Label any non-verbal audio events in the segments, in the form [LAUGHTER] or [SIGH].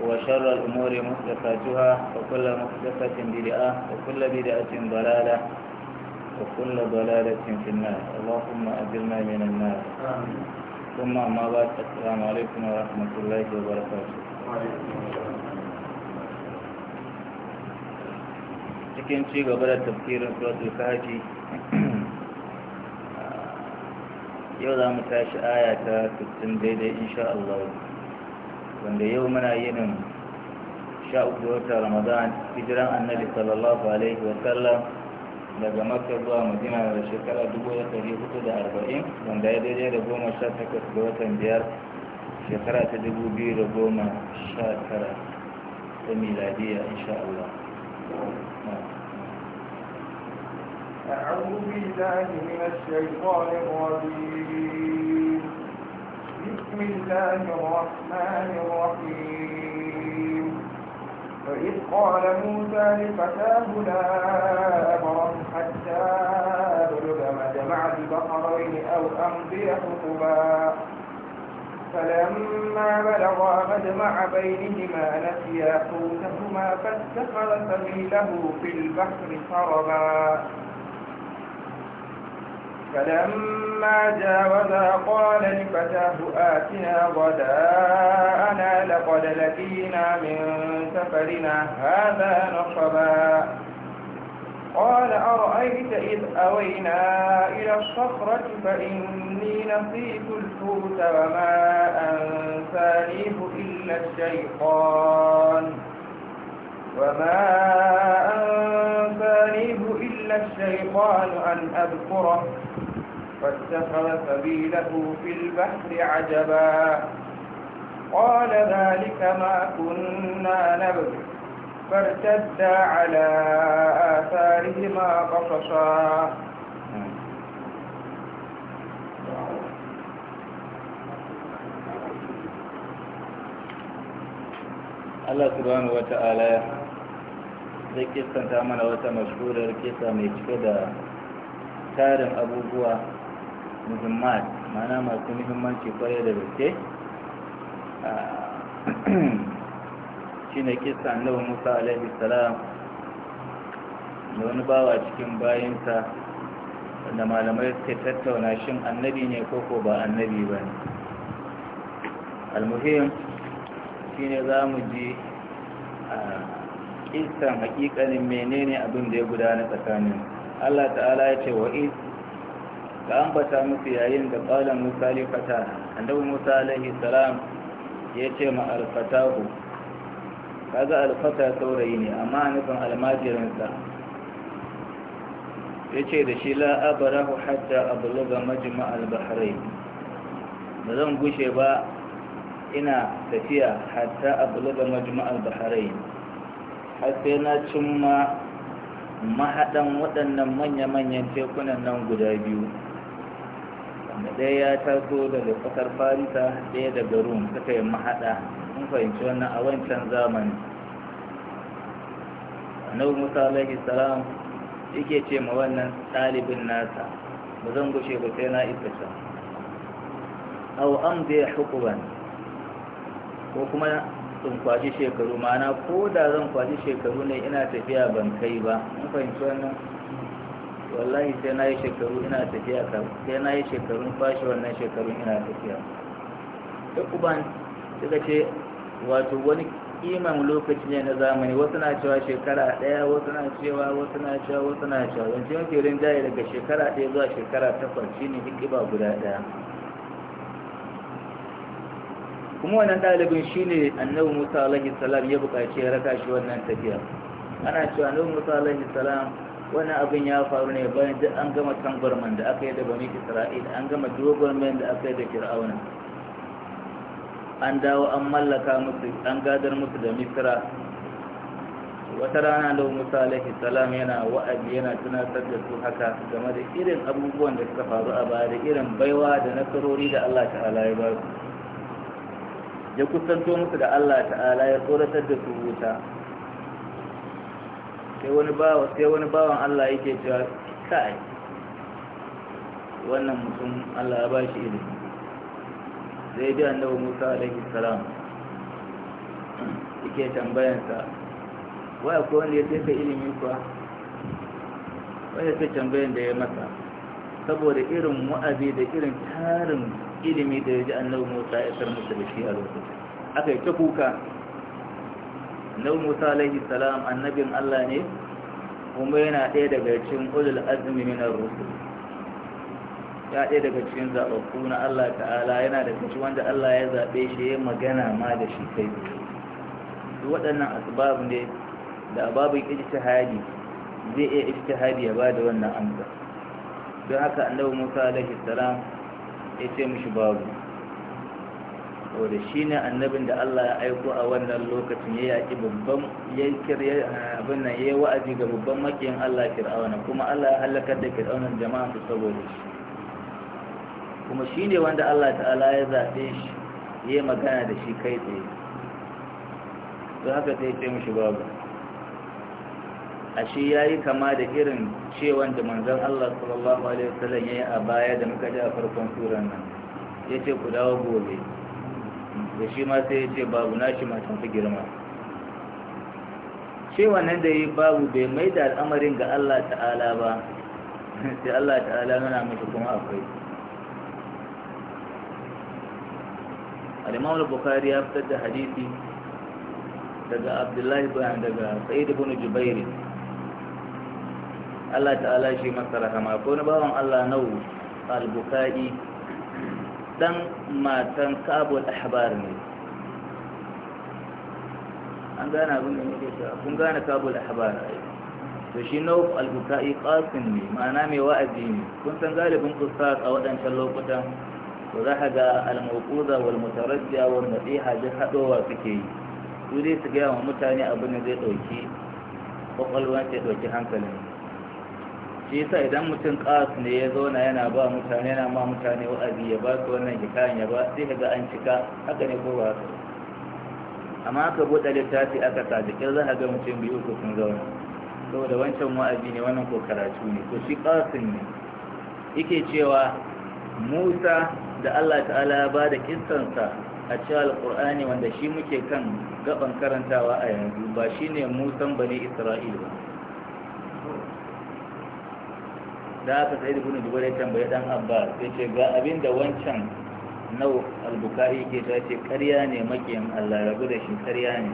وشر الأمور محدثاتها وكل محدثة بدعة وكل بدعة ضلالة وكل ضلالة في النار اللهم أجرنا من النار آمين. ثم ما بعد السلام عليكم ورحمة الله وبركاته cikin ci gaba da tafsirin suratul kahfi yau za mu tashi aya ta 60 daidai insha Allah wanda yau muna yinin sha uku wata ramadan hijiran annabi sallallahu alaihi wa sallam daga makka zuwa madina da shekara dubu da ɗari hudu da arba'in wanda ya daidai da goma sha takwas ga watan biyar shekara ta dubu biyu da goma sha tara ta miladiya insha Allah. أعوذ بالله من الشيطان الرجيم بسم الله الرحمن الرحيم فإذ قال موسى لفتاه لا أمرا حتى أبلغ مجمع البحرين أو أمضي حقبا فلما بلغا مجمع بينهما نسيا حوتهما فاتخذ سبيله في البحر سربا فلما جاوزا قال لفتاه آتنا غداءنا لقد لقينا من سفرنا هذا نصبا قال أرأيت إذ أوينا إلى الصخرة فإني نسيت الحوت وما أنسانيه إلا الشيطان وما أنسانيه الشيطان أن أذكره فاتخذ سبيله في البحر عجبا قال ذلك ما كنا نبغي فارتدا على آثارهما قصصا Allah subhanahu wa ta'ala zai kistanta mana wata mashurar kisa mai cike da tarin abubuwa muhimmat mana masu muhimmanci kwaya da gaske ah, [CLEARS THROAT] shi ne kisa annabi musa alaihi salam da wani bawa cikin bayansa da malamai suka tattauna shin annabi ne koko ba annabi ba ne almuhim shi ne za mu ji a ah, isan hakikanin menene abin da ya gudana tsakanin Allah ta'ala ya ce wa is ka ambata musu yayin da qala Musa alifata annabi Musa alaihi salam ya ce ma alfatahu. kaga alfata saurayi ne amma nufin almajirinsa ya ce da shi la abarahu hatta abluga majma al-bahrain ba zan gushe ba ina tafiya hatta abluga majma al-bahrain har sai na cimma mahaɗan waɗannan manya-manyan tekunan nan guda biyu wanda ɗaya ya taso daga ƙasar farisa ɗaya daga rum suka yi mahaɗa mun fahimci wannan a wancan zamani annabi musa alaihi salam yake ce ma wannan ɗalibin nasa ba zan gushe ba sai na isa ta au zai hukuban ko kuma in kwaji shekaru mana ko da zan kwaji shekaru ne ina tafiya ban kai ba in fahimci wannan wallahi sai na yi shekaru ina tafiya sai na yi shekarun fashi wannan shekarun ina tafiya duk uban suka ce wato wani kiman lokaci ne na zamani wasu na cewa shekara ɗaya wasu na cewa wasu na cewa wasu na cewa wancan mafi rinjaye daga shekara ɗaya zuwa shekara takwas shine hikiba guda ɗaya kuma wannan ɗalibin shi ne annabi musa alaihi salam ya buƙaci ya raka shi wannan tafiya ana cewa annabi musa alaihi salam wannan abin ya faru ne bayan duk an gama tangwarman da aka yi da bani isra'ila an gama dogwarman da aka yi da fir'auna an dawo an mallaka musu an gadar musu da misra wata rana da musa alaihi salam yana wa'azi yana tunatar da su haka game da irin abubuwan da suka faru a baya da irin baiwa da nasarori da allah ta'ala ya ba su ya kusanto musu da Allah ta'ala ya tsoratar da su wuta sai wani bawan Allah yake cewa kai wannan mutum Allah ya bashi ilimi zai ji annabi Musa alaihi salam yake tambayansa wai akwai wanda ya sai ilimi kuwa wai ya sai tambayan da ya masa saboda irin wa'azi da irin tarin ilimi da ya ji annabi musa ya isar musu da shi a lokacin aka yi ta kuka annabi musa alaihi salam annabin allah ne kuma yana ɗaya daga cikin ulul azumi min ar-rusul ya ɗaya daga cikin zaɓaɓɓu na Allah ta'ala yana da kashi wanda Allah ya zaɓe shi ya magana ma da shi kai su waɗannan asibab ne da babin ijtihadi zai iya ijtihadi ya ba da wannan amsa don haka annabi Musa alaihi salam ya ce mushi babu wadda shi ne annabin da Allah ya aiko a wannan lokacin ya yaƙi babban yankin abin nan ya yi wa'azi ga babban makiyin Allah fir'auna kuma Allah ya halakar da fir'aunan jama'a su saboda shi kuma shi ne wanda Allah ta'ala ya zaɓe shi ya yi magana da shi kai tsaye don haka sai ya ce mushi babu shi ya yi kama da irin cewan da manzan Allah sallallahu Alaihi wasallam ya yi a baya da muka ji a farkon turan nan ya ce ku dawo gobe da shi ma sai ya ce babu nashi matan fi girma cewa nan da yi babu bai mai da al'amarin ga Allah ta'ala ba [LAUGHS] sai Allah ta'ala nuna mashi kuma akwai al-imam al-bukhari ya fitar da hadisi daga abdullahi bin daga sa'id ibn jubair Allah ta'ala shi masa rahama ko na bawan Allah nau al-bukai dan matan kabul ahbar ne an gane abin da nake cewa kun gane kabul ahbar to shi nau al-bukai qasim ne ma'ana mai wa'azi ne kun san galibin ustaz a waɗancan lokutan to za ka ga al-mawquza wal mutarajjiya wal nasiha duk hadowa suke yi su dai su gaya wa mutane abin da zai ɗauki kwakwalwa ta ɗauki hankalin shi yasa idan mutum ƙas ne ya zauna yana ba mutane yana ma mutane wa'azi ya ba su wannan hikayen ya ba sai ka ga an cika haka ne ko ba haka amma ka buɗe littafi aka sa jikin za a ga mutum biyu ko sun zauna saboda wancan wa'azi ne wannan ko karatu ne to shi kasin ne yake cewa musa da allah ta'ala ya ba da kistansa a cewa alƙur'ani wanda shi muke kan gaban karantawa a yanzu ba shine musan bani isra'il ba da aka sai da gudun dubar ya tambaye dan abbas ya ce ga abin da wancan nau albukai ke ta ce karya ne makiyan allah rabu da shi karya ne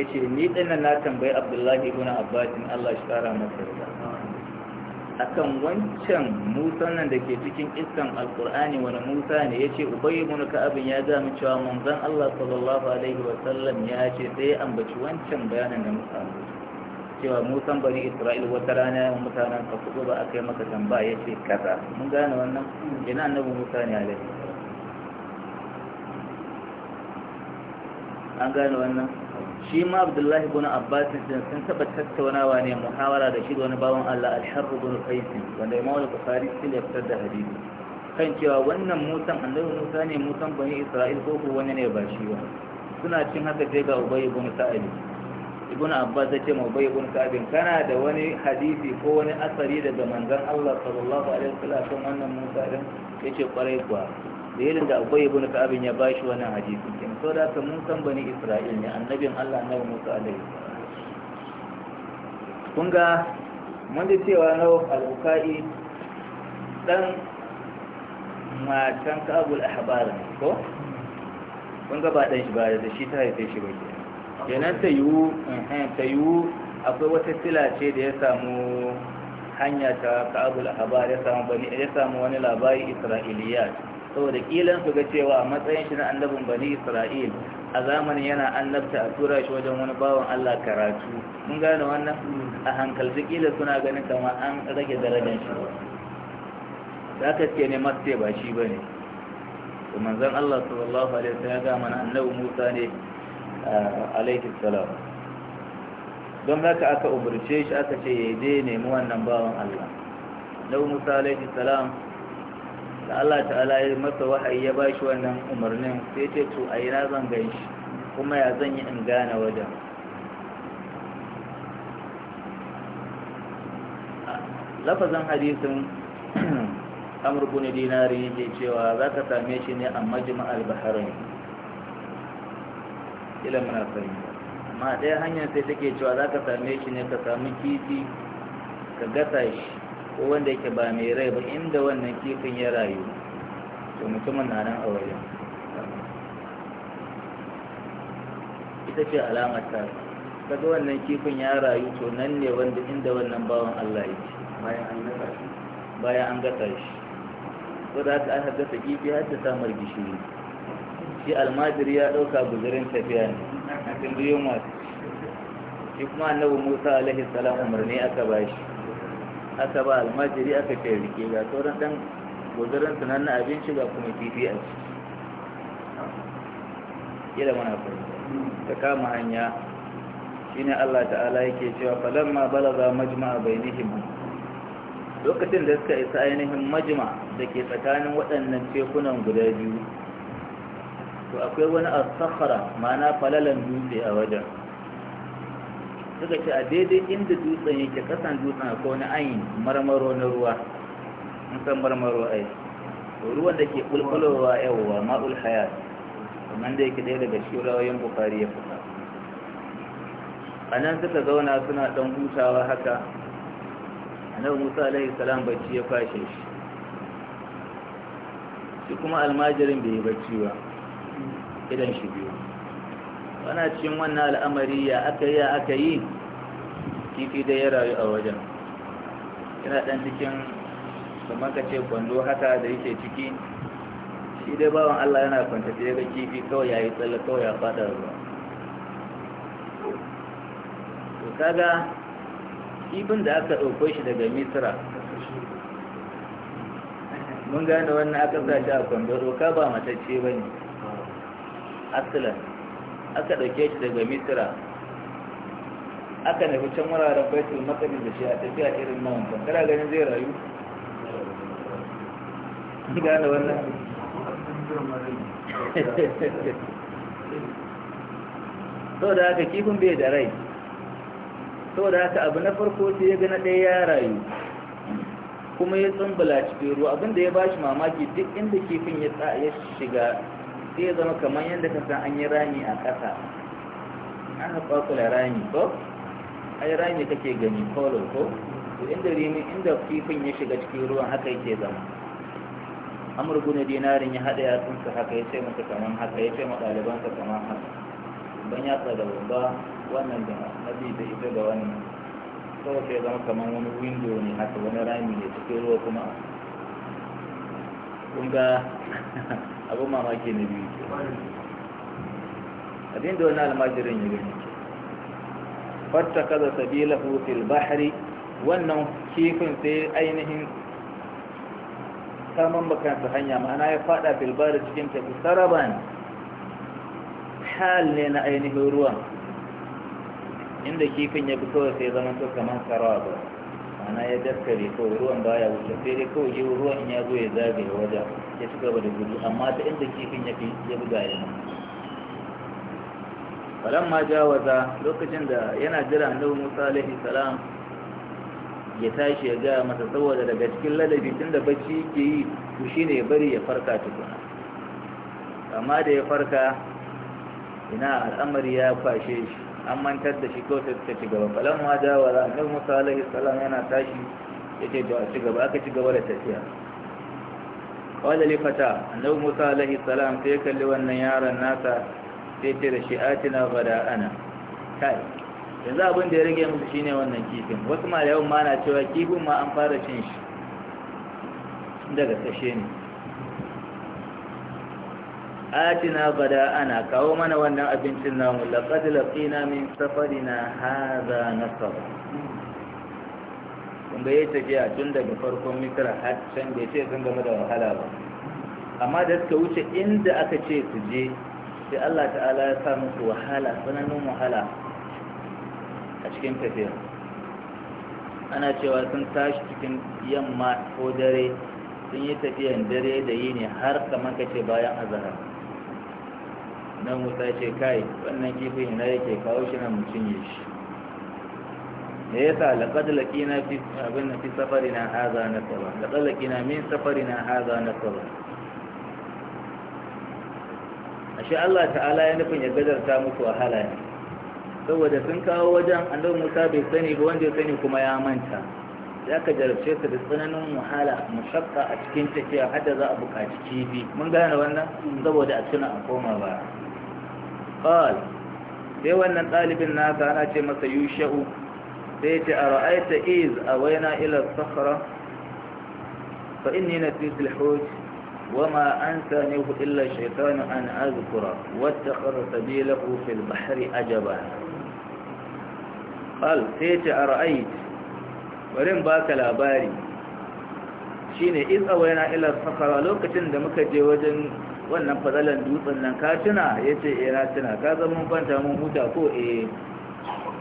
ya ce ni dinnan na tambayi abdullahi ibn abbasin allah shi kara masa yarda akan wancan musa nan da ke cikin iskan alkur'ani wani musa ne ya ce ubayi munuka abin ya gami cewa manzan allah sallallahu alaihi wasallam ya ce sai ambaci wancan bayanin da musa cewa musan bari isra'il wata rana mutanen ka kudu ba a kai maka tambaya ya ce kaza mun gane wannan yana annabi musa ne alaihi an gane wannan shi ma abdullahi bin abbas din sun taba tattaunawa ne muhawara da shi da wani bawan Allah al-harr bin qais wanda imamu al-bukhari sun ya fitar da hadisi kan cewa wannan musan annabi musa ne musan bani isra'il ko ko wani ne ba shi ba suna cin haka sai ga ubayy bin sa'id ibn abbas ya mu bai ibn kabin kana da wani hadisi ko wani asari daga manzon Allah sallallahu alaihi wasallam kan wannan musa din yace kwarai kuwa dalilin da akwai ibn kabin ya bashi wannan hadisi kin so da ka mun san bani isra'il ne annabin Allah annabi musa alaihi kun ga mun ji cewa na al-bukai dan matan kabul ahbar ko kun ga ba dan shi ba da shi ta haife shi ba ke kenan ta yiwu eh, ta yiwu akwai wata sila ce da ya samu hanya ta ka'abul habar ya samu bani ya samu wani labari isra'iliya saboda kilan su ga cewa a matsayin shi na annabin bani isra'il a zamanin yana annabta a tura shi wajen wani bawan Allah karatu mun gane wannan a hankalci kila suna ganin kama an rage darajar shi da aka ce ne masu ba shi ba ne zan Allah sallallahu alaihi wasallam ya gama na annabi Musa ne Ah, alaihi don haka aka umarce shi aka ce ya je nemi wannan bawan Allah na Musa alaihi salam da Allah ta'ala ya masa wahayi ya ba shi wannan umarnin sai ce to a na zan gan shi kuma ya zan yi in gane wajen lafazan hadisin [CLEARS THROAT] amurkuni dinari ne cewa za ka same shi ne a majma'al baharai kila muna fahimta amma ɗaya hanyar sai take cewa za ka same shi ne ka samu kifi ka gasa shi ko wanda yake ba mai rai ba inda wannan kifin ya rayu to mutumin na nan a wajen ita ce alamar ta kaga wannan kifin ya rayu to nan ne wanda inda wannan bawan Allah yake bayan an gasa shi bayan an gasa shi ko da aka gasa kifi har ta samar gishiri shi almajiri ya ɗauka guzurin tafiya ne cikin biyun wasu shi kuma annabi musa alaihi salam umarni aka ba shi aka ba almajiri aka ce rike ga sauran ɗan guzurin sunan na abinci ga kuma kifi a ciki kila mana fahimta ta kama hanya shine Allah ta'ala yake cewa falamma balaga majma'a bainihim lokacin da suka isa ainihin majma da ke tsakanin waɗannan tekunan guda biyu to akwai wani asakara ma'ana falalan dutse a wajen suka ce a daidai inda dutsen yake kasan dutsen akwai wani ayin marmaro na ruwa in san marmaro ai ruwan da ke bulbulowa yawowa ma'ul hayat kamar da yake ɗaya daga shi rawayin bukari ya fita a nan suka zauna suna ɗan hutawa haka annabi musa alaihi salam bacci ya fashe shi shi kuma almajirin bai yi bacci ba idan shi biyu wana cikin wannan al'amari ya aka yi ya aka yi kifi dai ya rayu a wajen yana ɗan cikin kamar ka ce kwando haka da yake ciki shi dai bawan Allah yana kwanta da ga kifi kawai ya yi tsalle kawai ya fada ruwa to kaga kifin da aka ɗauko shi daga misira mun gane wannan aka sa shi a kwando doka ba matacce ba ne asilan aka ɗauke shi daga misira aka nufi can wuraren baitul maqdis da shi a tafiya irin nan ba kana ganin zai rayu gane wannan so [LAUGHS] da haka kifin bai da rai so da haka abu na farko sai ya gana ɗaya ya rayu kuma ya tsumbula cikin ruwa abinda ya bashi mamaki duk inda kifin ya shiga sai zama kamar yadda ka san an yi rami a ƙasa an haɓa kula rami ko ai rami kake gani kolo ko to inda rimi inda kifin ya shiga cikin ruwan haka yake zama amur gune dinarin ya haɗa yatsunsa haka ya ce masa kamar haka ya ce ma ɗalibansa kamar haka ban ya tsada babba wannan da nabi da ita da wannan kawai sai zama kamar wani windo ne haka wani rami ne cikin ruwa kuma kun ga [LAUGHS] abin mamaki na biyu ke abin da wani almajirin ya gani fatta kaza sabila fil bahari wannan kifin sai ainihin saman bakansa hanya ma'ana ya fada fil bahari cikin tafi saraban hal ne na ainihin ruwan inda kifin ya fi kawai sai zama to kamar sarawa ma'ana ya daskare kawai ruwan baya wuce sai dai kawai shi ruwan in ya zo ya zagaye waje ya ci gaba da gudu amma ta inda kifin ya fi ya buga ya nan faran ma jawaza lokacin da yana jira annabi musa alaihi salam ya tashi ya gaya masa saboda daga cikin ladabi tun da bacci yake yi to shine ya bari ya farka tukuna amma da ya farka ina al'amari ya kwashe shi an mantar da shi ko sai suka ci gaba falan ma jawara annabi musa alaihi salam yana tashi yace to a ci gaba aka ci gaba da tafiya qala li fata annabi musa alaihi salam sai kalli wannan yaron nasa sai ce da shi atina bada ana kai yanzu abin da ya rage musu shine wannan kifin wasu ma ma na cewa kifin ma an fara cin shi daga sashe ne atina gada ana kawo mana wannan abincin namu laqad laqina min safarina hadha nasab kun ga yace je a tun daga farkon misra har can bai ce sun game da wahala ba amma da suka wuce inda aka ce su je sai Allah ta'ala ya sa musu wahala tsananin wahala a cikin tafiya ana cewa sun tashi cikin yamma ko dare sun yi tafiyan dare da yini har kamar kace bayan azahar nan musa ce kai wannan kifin na yake kawo shi na mutum ya shi da ya sa na laƙina abin na fi safari na haza na saba laƙad na min safari na haza na saba a shi Allah ta'ala ya nufin ya gadarta musu wahala ne saboda sun kawo wajen annabi musa bai sani ba wanda ya sani kuma ya manta ya ka jarabce su da tsananin wahala mashakka a cikin tafiya hadda za a buƙaci kifi mun gane wannan mm. saboda a tuna a koma ba qal sai wannan ɗalibin nasa ana ce masa yusha'u sai ce a ra'aita iz a waina ila sakhra fa inni nasitu al-huj وما أنسانيه إلا الشيطان أن أذكره واتخذ سبيله في البحر sai قال سيتي أرأيت warin baka labari shine iz waina ila sakhara lokacin da muka je wajen wannan fadalan dutsen nan ka tuna ya ce e na tuna ka zama mun kwanta mun huta ko eh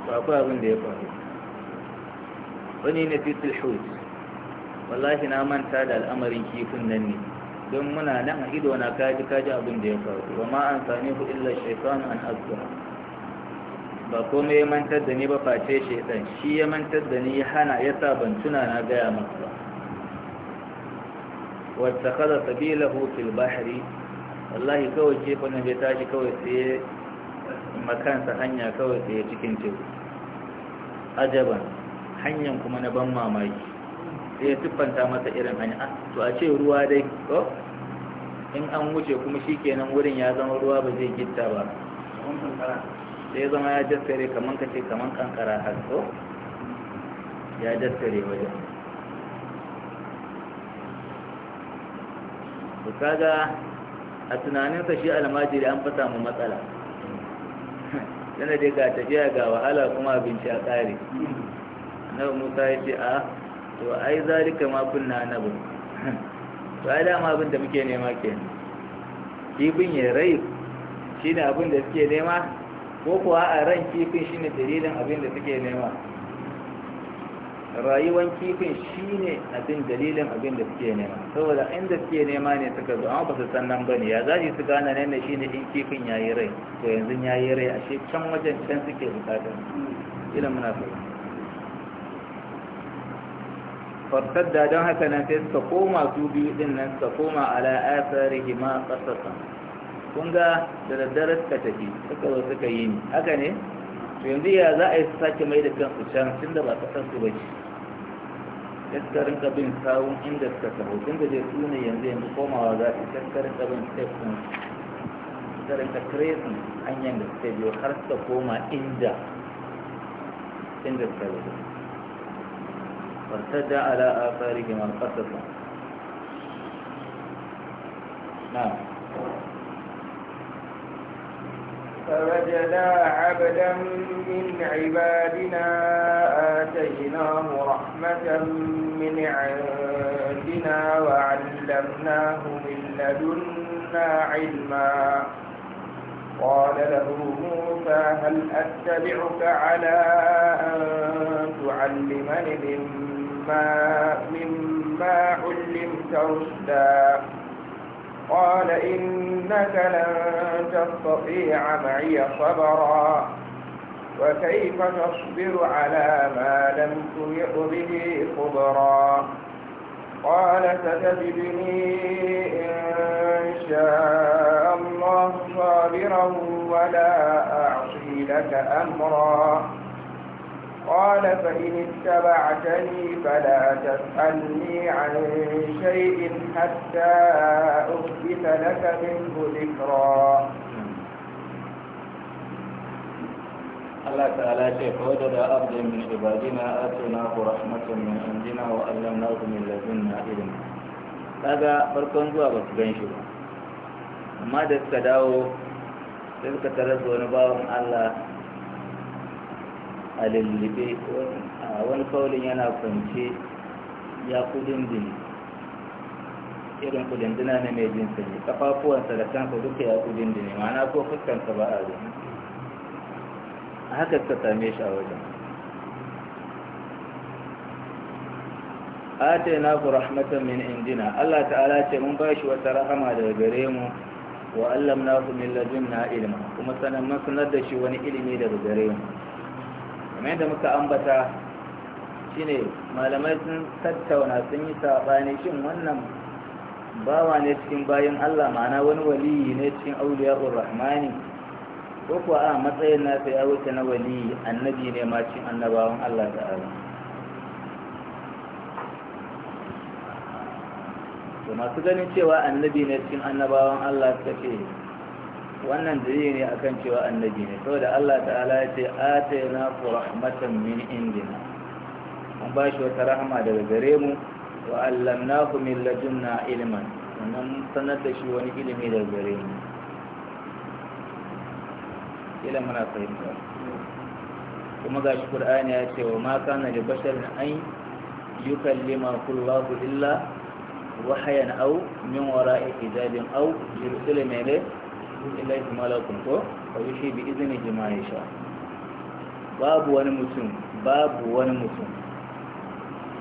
ba akwai abin da ya faru wani na fitil hut wallahi na manta da al'amarin kifin nan ne don muna nan a ido na kaji kaji abin da ya faru wa ma an sani ku illa shaitan an azkura ba komai ya mantar da ni ba face shaitan shi ya mantar da ni ya hana ya sa ban tuna na gaya masu ba wata kada sabila fil wallahi kawai jefa nan bai tashi kawai tsaye makansa hanya kawai tsaye cikin teku ajaban Hanyar kuma na ban mamaki sai ya siffanta masa irin hanya ah, to a ce ruwa dai ko in an wuce kuma shi kenan wurin ya zama ruwa ba zai gitta ba sai zama ya jaskare kaman kace kaman kankara har ko ya jaskare wajen to kaga a tunaninsa shi almajiri an fasa mu matsala yana dai ga tafiya ga wahala kuma abinci a tsari na musa ya ce a to ai zalika ma kunna na bu to ai dama abin da muke nema ke kifin ya rai shi ne abin da suke nema ko kuwa a ran kifin shi ne dalilin abin da suke nema rayuwan kifin shine abin dalilin abin da suke nema saboda inda suke nema ne suka zo amma ba su san nan bane ya zaji su gane nan ne shine in kifin yayi rai to yanzu yayi rai ashe can wajen can suke bukata ila muna fara fartadda don haka nan sai suka koma su biyu din nan suka koma ala asarihi ma qasasa kun ga da daddare suka tafi suka zo suka yi ni haka ne to yanzu ya za a yi su sake mai da kansu can tunda ba kasan su ce. taskarin kabin kawun inda suka taho tun da zai sune yanzu yanzu komawa za su taskarin kabin stepson taskarin ka tracing hanyar da suka biyo har suka koma inda inda suka biyo fartada ala a tsari gimar kasasa na فوجدا عبدا من عبادنا آتيناه رحمة من عندنا وعلمناه من لدنا علما قال له موسى هل أتبعك على أن تعلمني مما, مما علمت رشدا قال إنك لن تستطيع معي صبرا وكيف تصبر على ما لم تيئ به خبرا قال ستجدني إن شاء الله صابرا ولا أعصي لك أمرا قال فإن اتبعتني فلا تسألني عن شيء حتى أثبت لك منه ذكرا الله تعالى شيخ وجد عبدا من عبادنا آتناه رحمة من عندنا وعلمناه من لدنا علما kaga farkon zuwa ba su gan shi ba amma da suka dawo sai suka tarar da wani bawan Allah a lullube wani kaulin yana kwance ya kudin din irin kudin dina na mai jinsa ne kafafuwansa da kansa duka ya kudin ma'ana ko fuskansa ba a a haka ta same shi a wajen na ku rahmatan min indina Allah ta'ala ce mun bashi wata rahama daga gare mu wa ku min ladunna ilma kuma sanan mun da shi wani ilimi daga gare mu kamar yadda muka ambata shine malamai sun tattauna sun yi saɓani shin wannan bawa ne cikin bayan Allah ma'ana wani waliyi ne cikin auliya'ur rahmani ko kuwa a matsayin nasa ya wuce na waliyi annabi ne ma cikin annabawan Allah ta'ala to masu ganin cewa annabi ne cikin annabawan Allah suka ce wannan dalili ne akan cewa annabi ne saboda Allah ta'ala ya ce atayna rahmatan min indina mun ba shi wata rahama daga gare mu wa allamnahu min ladunna ilman wannan sanar da shi wani ilimi daga gare mu ila muna fahimta kuma ga shi qur'ani ya ce wa ma kana li basharin an yukallima kullahu illa wahayan aw min wara'i hijabin aw yursila mele. lillahi malakum ko fa yushi bi iznihi ma babu wani mutum babu wani mutum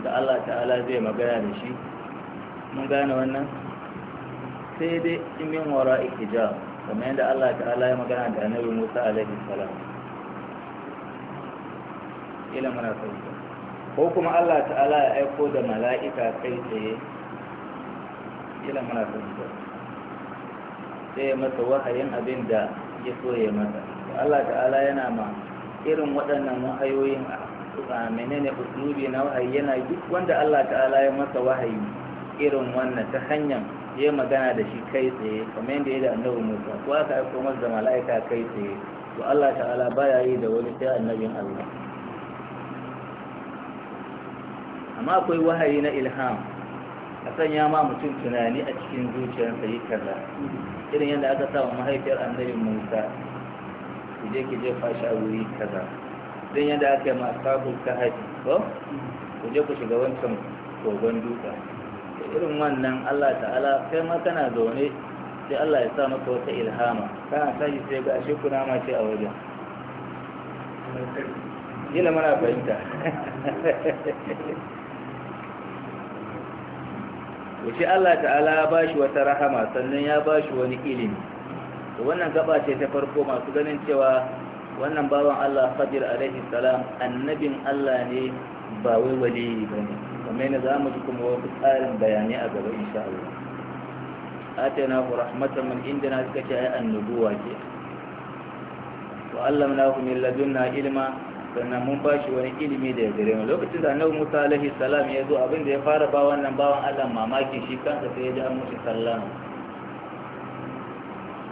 da Allah ta'ala zai magana da shi mun gane wannan sai dai in min wara ikija kamar yadda Allah ta'ala ya magana da annabi Musa alaihi salam ila mana sauki ko kuma Allah ta'ala ya aiko da mala'ika kai tsaye ila mana sauki sai ya masa wahayin abin da ya so ya masa Allah ta'ala yana ma irin waɗannan wahayoyin a menene usulubi na wahayi yana duk wanda Allah ta'ala ya masa wahayi irin wannan ta hanyar ya magana da shi kai tsaye kamar yadda ya da annabi Musa ko aka aiko masa da mala'ika kai tsaye to Allah ta'ala baya yi da wani sai annabin Allah amma akwai wahayi na ilham a sanya ma mutum tunani a cikin zuciyarsa yi karra irin yadda aka sa wa mahaifiyar annabi musa ki je ki jefa shi a wuri kaza irin yadda aka yi masu ta haji ko ku je ku shiga wancan kogon duka da irin wannan allah ta'ala kai ma kana zaune sai allah ya sa maka wata ilhama kana sashi sai ga ashe kuna ma ce a wajen gina mana fahimta [LAUGHS] wuce Allah ta'ala ba shi wata rahama sannan ya ba shi wani ilimi to wannan gaba ce ta farko masu ganin cewa wannan bawan Allah Khadir alaihi salam annabin Allah ne ba wai waliyi ba ne kamar yadda za mu ji kuma wasu tsarin bayanai a gaba insha Allah atana ku rahmatan min indina suka ce ai annubuwa ce wa allamnahu min ladunna ilma sannan mun bashi wani ilimi da ya gare mu lokacin da annabi Musa alaihi salam ya zo abin da ya fara ba wannan bawan Allah mamaki shi kansa sai ya ji an mushi sallama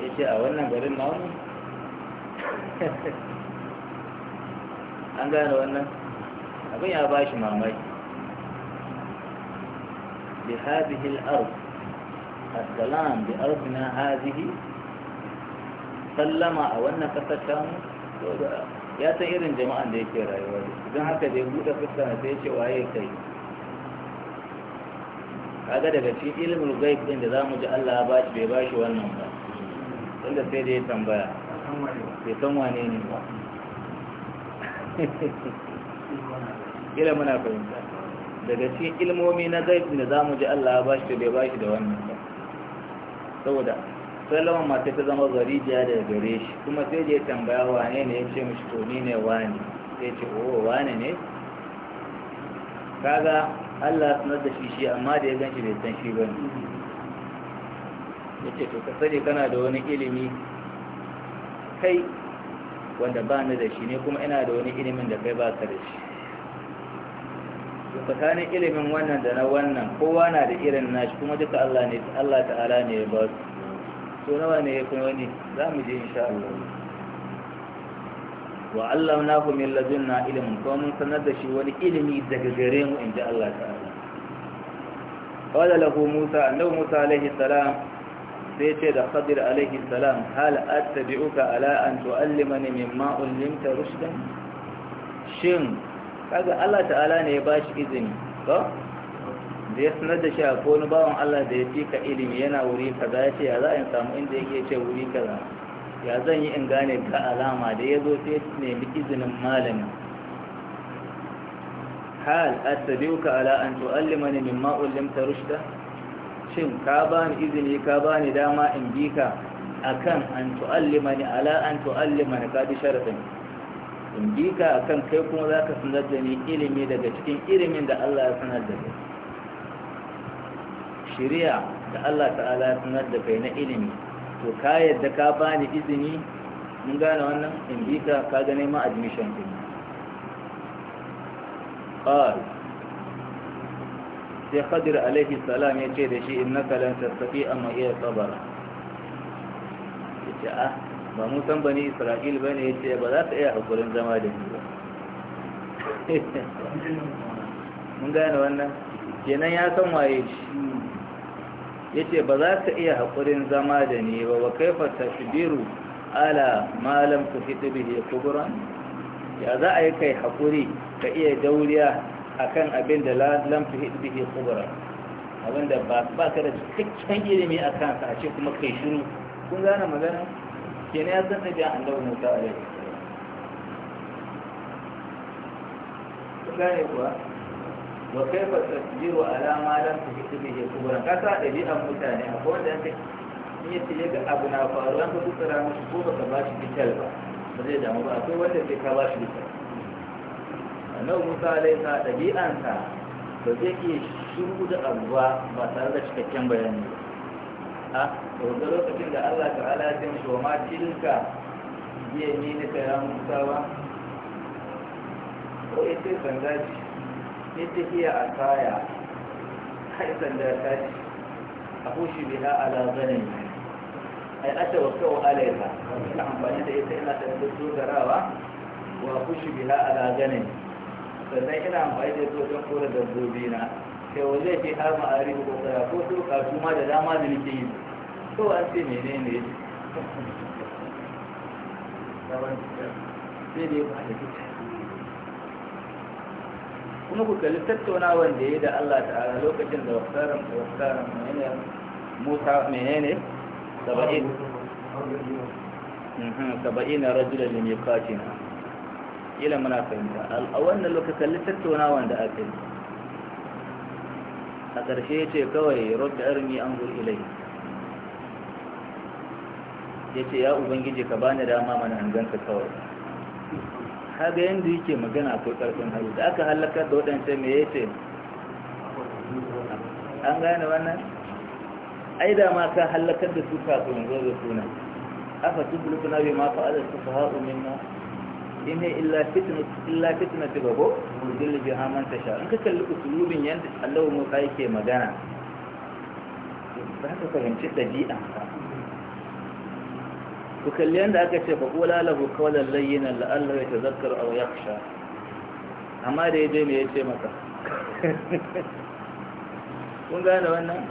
ya ce a wannan garin wani [LAUGHS] an gane wannan abin ya bashi mamaki bi hadhihi al-ard assalam bi ardina hadhihi sallama a wannan kasar tamu ya san irin jama'an da yake rayuwa da su don haka zai buɗe fuska na sai cewa ya kai kaga daga cikin ilimin gaib din da za mu ji Allah ya bashi bai bashi wannan ba wanda sai da ya tambaya bai san wane ne ba [LAUGHS] kila muna fahimta daga cikin ilmomi na gaib din da za mu ji Allah ya bashi bai bashi da wannan ba saboda sallama mata ta zama zarijiya daga gare shi kuma sai da ya tambaya wane ne ya ce mishi to ni ne wane sai ce o oh, wane ne kaga Allah sanar da shi shi amma da ya gan shi bai san shi ba ne ya ce to ka sani kana da wani ilimi kai wanda ba ni da shi ne kuma ina da wani ilimin da kai ba ka da shi tsakanin ilimin wannan da na wannan kowa na da irin nashi kuma duka Allah ne Allah ta'ala ne ya ba su to nawa ne ya kai wani za mu je insha Allah wa Allah na ku min ladunna ilmin ko mun sanar da shi wani ilimi daga gare mu inji Allah ta'ala qala lahu Musa annabi Musa alaihi salam sai ce da Khadir alaihi salam hal attabi'uka ala an tu'allimani mimma ullimta rushdan shin kaga Allah ta'ala ne ya bashi izini ko da ya sanar da shi a wani bawan Allah da ya fi ka ilimi yana wuri kaza ya ce ya za in samu inda yake ce wuri kaza ya zan yi in gane ka alama da ya zo sai su nemi izinin malamin hal ka ala an min ma'ulim ta rushta shin ka ba ni izini ka ba ni dama in bi ka akan an mani ala an tu'allimani ka bi sharadin in bi ka akan kai kuma ka sanar da ni ilimi daga cikin ilimin da Allah ya sanar da kai shari'a da Allah ta'ala ya sanar da kai na ilimi to ka yadda ka bani izini mun gane wannan in bi ka ka ga neman admission din qal sai khadir alaihi salam ya ce da shi innaka lan tastati amma iya sabara yace ah, ba mu san bani isra'il bane yace ba za ta iya hakurin zama da ni ba [LAUGHS] mun gane wannan kenan ya san waye shi yace ba za ka iya haƙurin zama da ni ba wa kaifa tasbiru ala ma lam tuhit bihi kubran ya za a yi kai haƙuri ka iya dauriya akan abin da lam tuhit bihi kubran abin da ba ba ka da cikakken ilimi a kansa a ce kuma kai shiru kun gane magana kenan ya san da annabi Musa alaihi salam kun gane kuwa wa fa tasbiru ala ma lam tuhitu bihi kubra bi an mutane akwai wanda yake in ya ya ga abu na faru an ka tsara mushi ko ka ba shi detail ba ba zai damu ba akwai wanda sai ka ba shi detail annabi Musa alaihi sa sa ba zai iya shiru da abu ba ba tare da cikakken bayani ba a daga lokacin da Allah ta'ala ya ce shi wa ma tilka ni ne ka ya Musa ba ko ita sanda shi yadda iya a kaya haisan da ta ci a hushi biya ala zanen ai a tawakkau alaiha ina amfani da ita yana da dogarawa wa hushi biya ala zanen sannan ina amfani da ita wajen kora dabbobi na sai wa zai fi har ma'ari ko kara ko su kasu ma da dama da nake yi to an ce menene ne sai dai ba da kita kuma ku kalli tattaunawar da ya da Allah ta'ala lokacin da wakaran wakaran menene Musa menene 70 mhm, na rajula ne mai na ila muna fahimta a wannan lokacin kalli tattaunawar da aka yi a ƙarshe ya ce kawai rabbi armi an zuwa ilai ya ce ya ubangiji ka bani dama mana an ka kawai kaga yadda yake magana ko karfin hali da aka halaka da waɗancan me ya ce an gane wannan ai da ma ka halakar da su yanzu da suna su afa tublukuna bi su fa'ala haɗu minna in illa fitna illa gabo tibago mudil haman ta sha. in ka kalli usulubin yadda Allah mu kai ke magana ba ka fahimci dabi'a ku kalli yadda aka ce ba kula lahu qawlan layyinan la'alla yatazakkaru aw yakhsha amma da yaje me yace maka kun gane wannan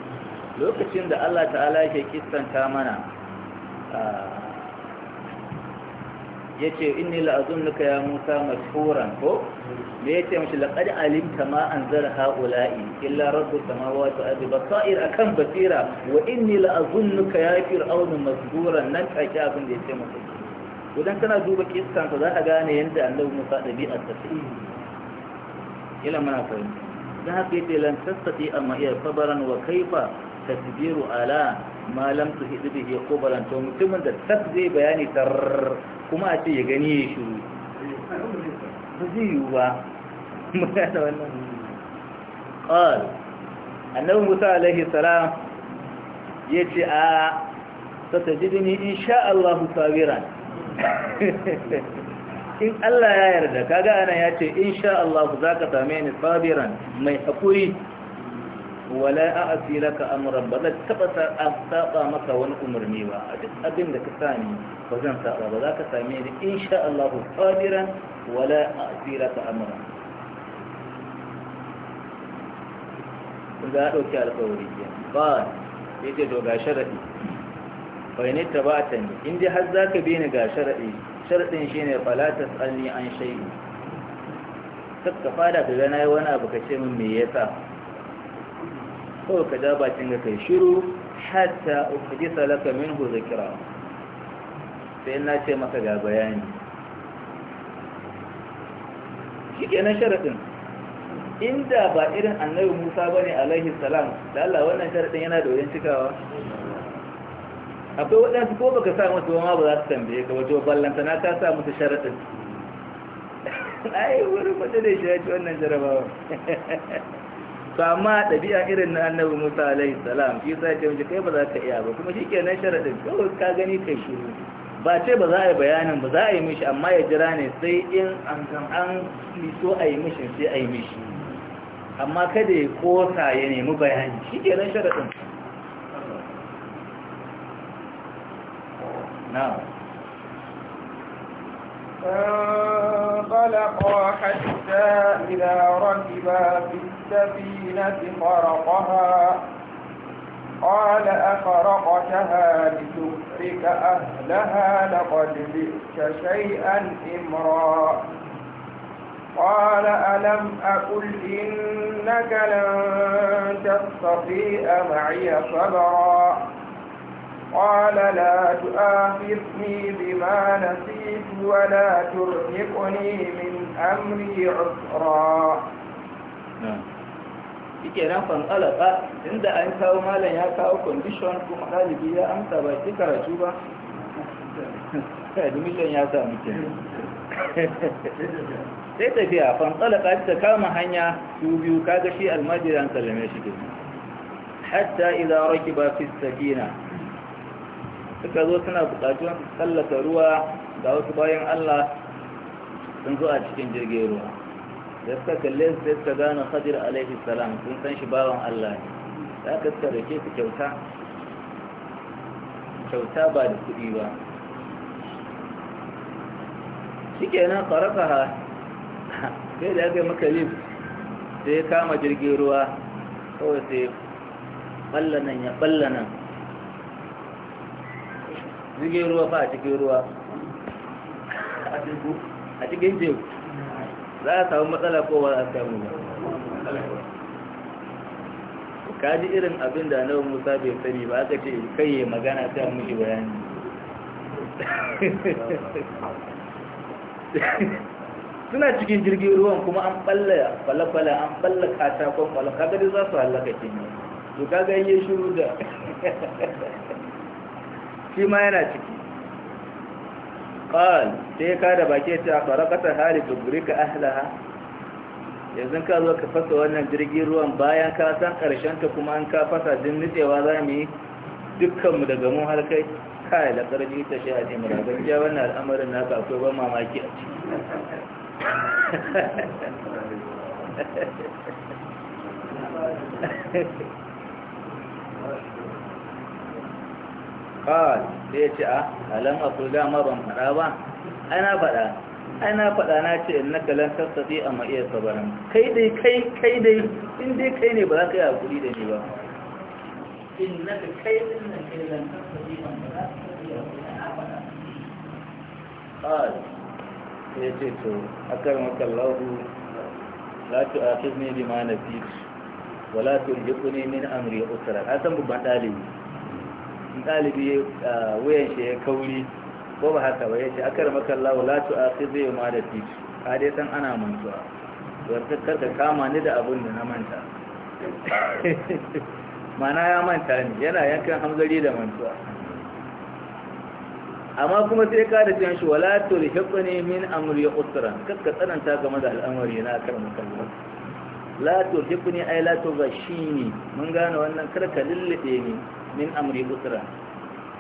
lokacin da Allah ta'ala yake kissanta mana ah, ya ce inni la'azun nuka ya musa mashhuran ko da ya ce mashi laƙar alimta ma an zara ha'ula'i illa rabu samawa ta abu ba sa'ir a kan basira wa inni la'azun nuka ya fi ra'aunin mashuran nan ƙaƙi abin da ya ce masu idan kana duba kiskansa za a gane yadda annabi musa ɗabi'ar ta fi ila mana fahimta don haka ya ce lan tattaɗi amma iya sabaran wa kaifa tasbiru ala malam su tuhid bihi qublan to mutumin da tak zai bayani tar kuma a ce ya gani ya shuru ba zai yiwu ba magana wannan ƙwal musa alaihi salam ya ce a sata jidini in sha Allah sabiran [LAUGHS] in Allah ya yarda kaga ana ya ce in sha Allah za ka same ni sabiran mai haƙuri wala a'asi ka amuran ba zan taba saba maka wani umarni ba a duk abin da ka sami ba zan saba ba za ka sami ni in sha Allah qadiran wala ka amuran. amran za a ɗauki alƙawari ke ba ya ce to ga sharadi fa ne tabata ni in dai har zaka bi ni ga sharadi shi ne fala tasalni an shay'in kakka fada ka ga nayi wani abu ka ce min me ya sa? kawai ka ja bakin ka kai shiru hatta uhdisa laka minhu zikra sai na ce maka ga bayani shikenan sharadin inda ba irin annabi Musa bane alaihi salam da Allah wannan sharadin yana da wurin cikawa akwai waɗansu ko baka sa musu ba ma ba za su tambaye ka wato ballanta na ta sa musu sharadin [LAUGHS] ai wurin mace da shi ya ci wannan jarabawa [LAUGHS] ba ma ɗabi'a irin na annabi musa alaihi salam shi sa ce mace kai ba za ka iya ba kuma shi ke sharaɗin kawai ka gani kai shiru ba ce ba za a yi bayanin ba za a yi mishi amma ya jira ne sai in an so a yi mishi sai a yi mishi amma kada ya kosa ya nemi bayani shi ke nan sharaɗin na'am فانطلقا حتى إذا ركبا في السفينة خرقها قال أخرقتها لتفرك أهلها لقد جئت شيئا إمرا قال ألم أقل إنك لن تستطيع معي صبرا قال لا تؤاخذني بما نسيت ولا ترهقني من أمري عسرا shike nan fansalaka inda an kawo malam ya kawo condition kuma ɗalibi ya amsa ba ki karatu ba admission ya samu ke sai tafiya fansalaka ta kama hanya su biyu kaga shi almajiran salame shi ke hatta idan rakiba fi sakina suka zo suna bukatun tsallaka ruwa ga wasu bayan Allah sun zo a cikin jirgin ruwa da suka kalle su sai suka gano hajjir alaihi salam sun san shi bawan Allah ne da aka suka rake su kyauta kyauta ba da kuɗi ba shikenan ha sai da aka maka lif sai ya kama jirgin ruwa kawai sai ballanan ya ballanan jirgin ruwa fa a cikin ruwa a cikin teku za a samu matsala kowa a samu ba ka ji irin abin da nawa musa bai sani ba aka ce kai ya magana ta mushi bayani suna cikin jirgin ruwan kuma an balla falafala an balla katakon falafala kaga dai za su halaka ne to kaga yin shiru da shi ma yana ciki qal sai ka da baki ta faraqata hali ka ahlaha yanzu ka zo ka fasa wannan jirgin ruwan bayan ka san karshen ta kuma an ka fasa din nitsewa mu yi dukkanmu daga mun har kai kai da karbi ta shi a jimura jiya wannan al'amarin naka akwai ban mamaki a ciki Thank [LAUGHS] you. qal sai ya ce a ah, alam aqulu ma ban fada ba ai na fada ai na fada na ce innaka lan tasati amma iya sabaran kai dai kai kai dai in dai kai ne ba ka yi hakuri da ni ba innaka kai din nan kai lan tasati amma ƙari ya ce to a karin makallahu latu a fi ne ma na fi wala tun jikuni min amuriya usara a san babban ɗalibi ɗalibi wuyan shi ya kauri ko ba haka ba ya ce aka rama kallawa latu a sai zai ma da titi ka dai san ana mantuwa wata ka kama ni da abin da na manta [LAUGHS] mana ya manta ne yana yankan hamzari da mantuwa amma kuma sai ka da cikin shi wala to ne min amri usra kakka tsananta game da al'amari na akar mutane la to rihiqni ay la shi gashini mun gane wannan karka lillide ni min amri usra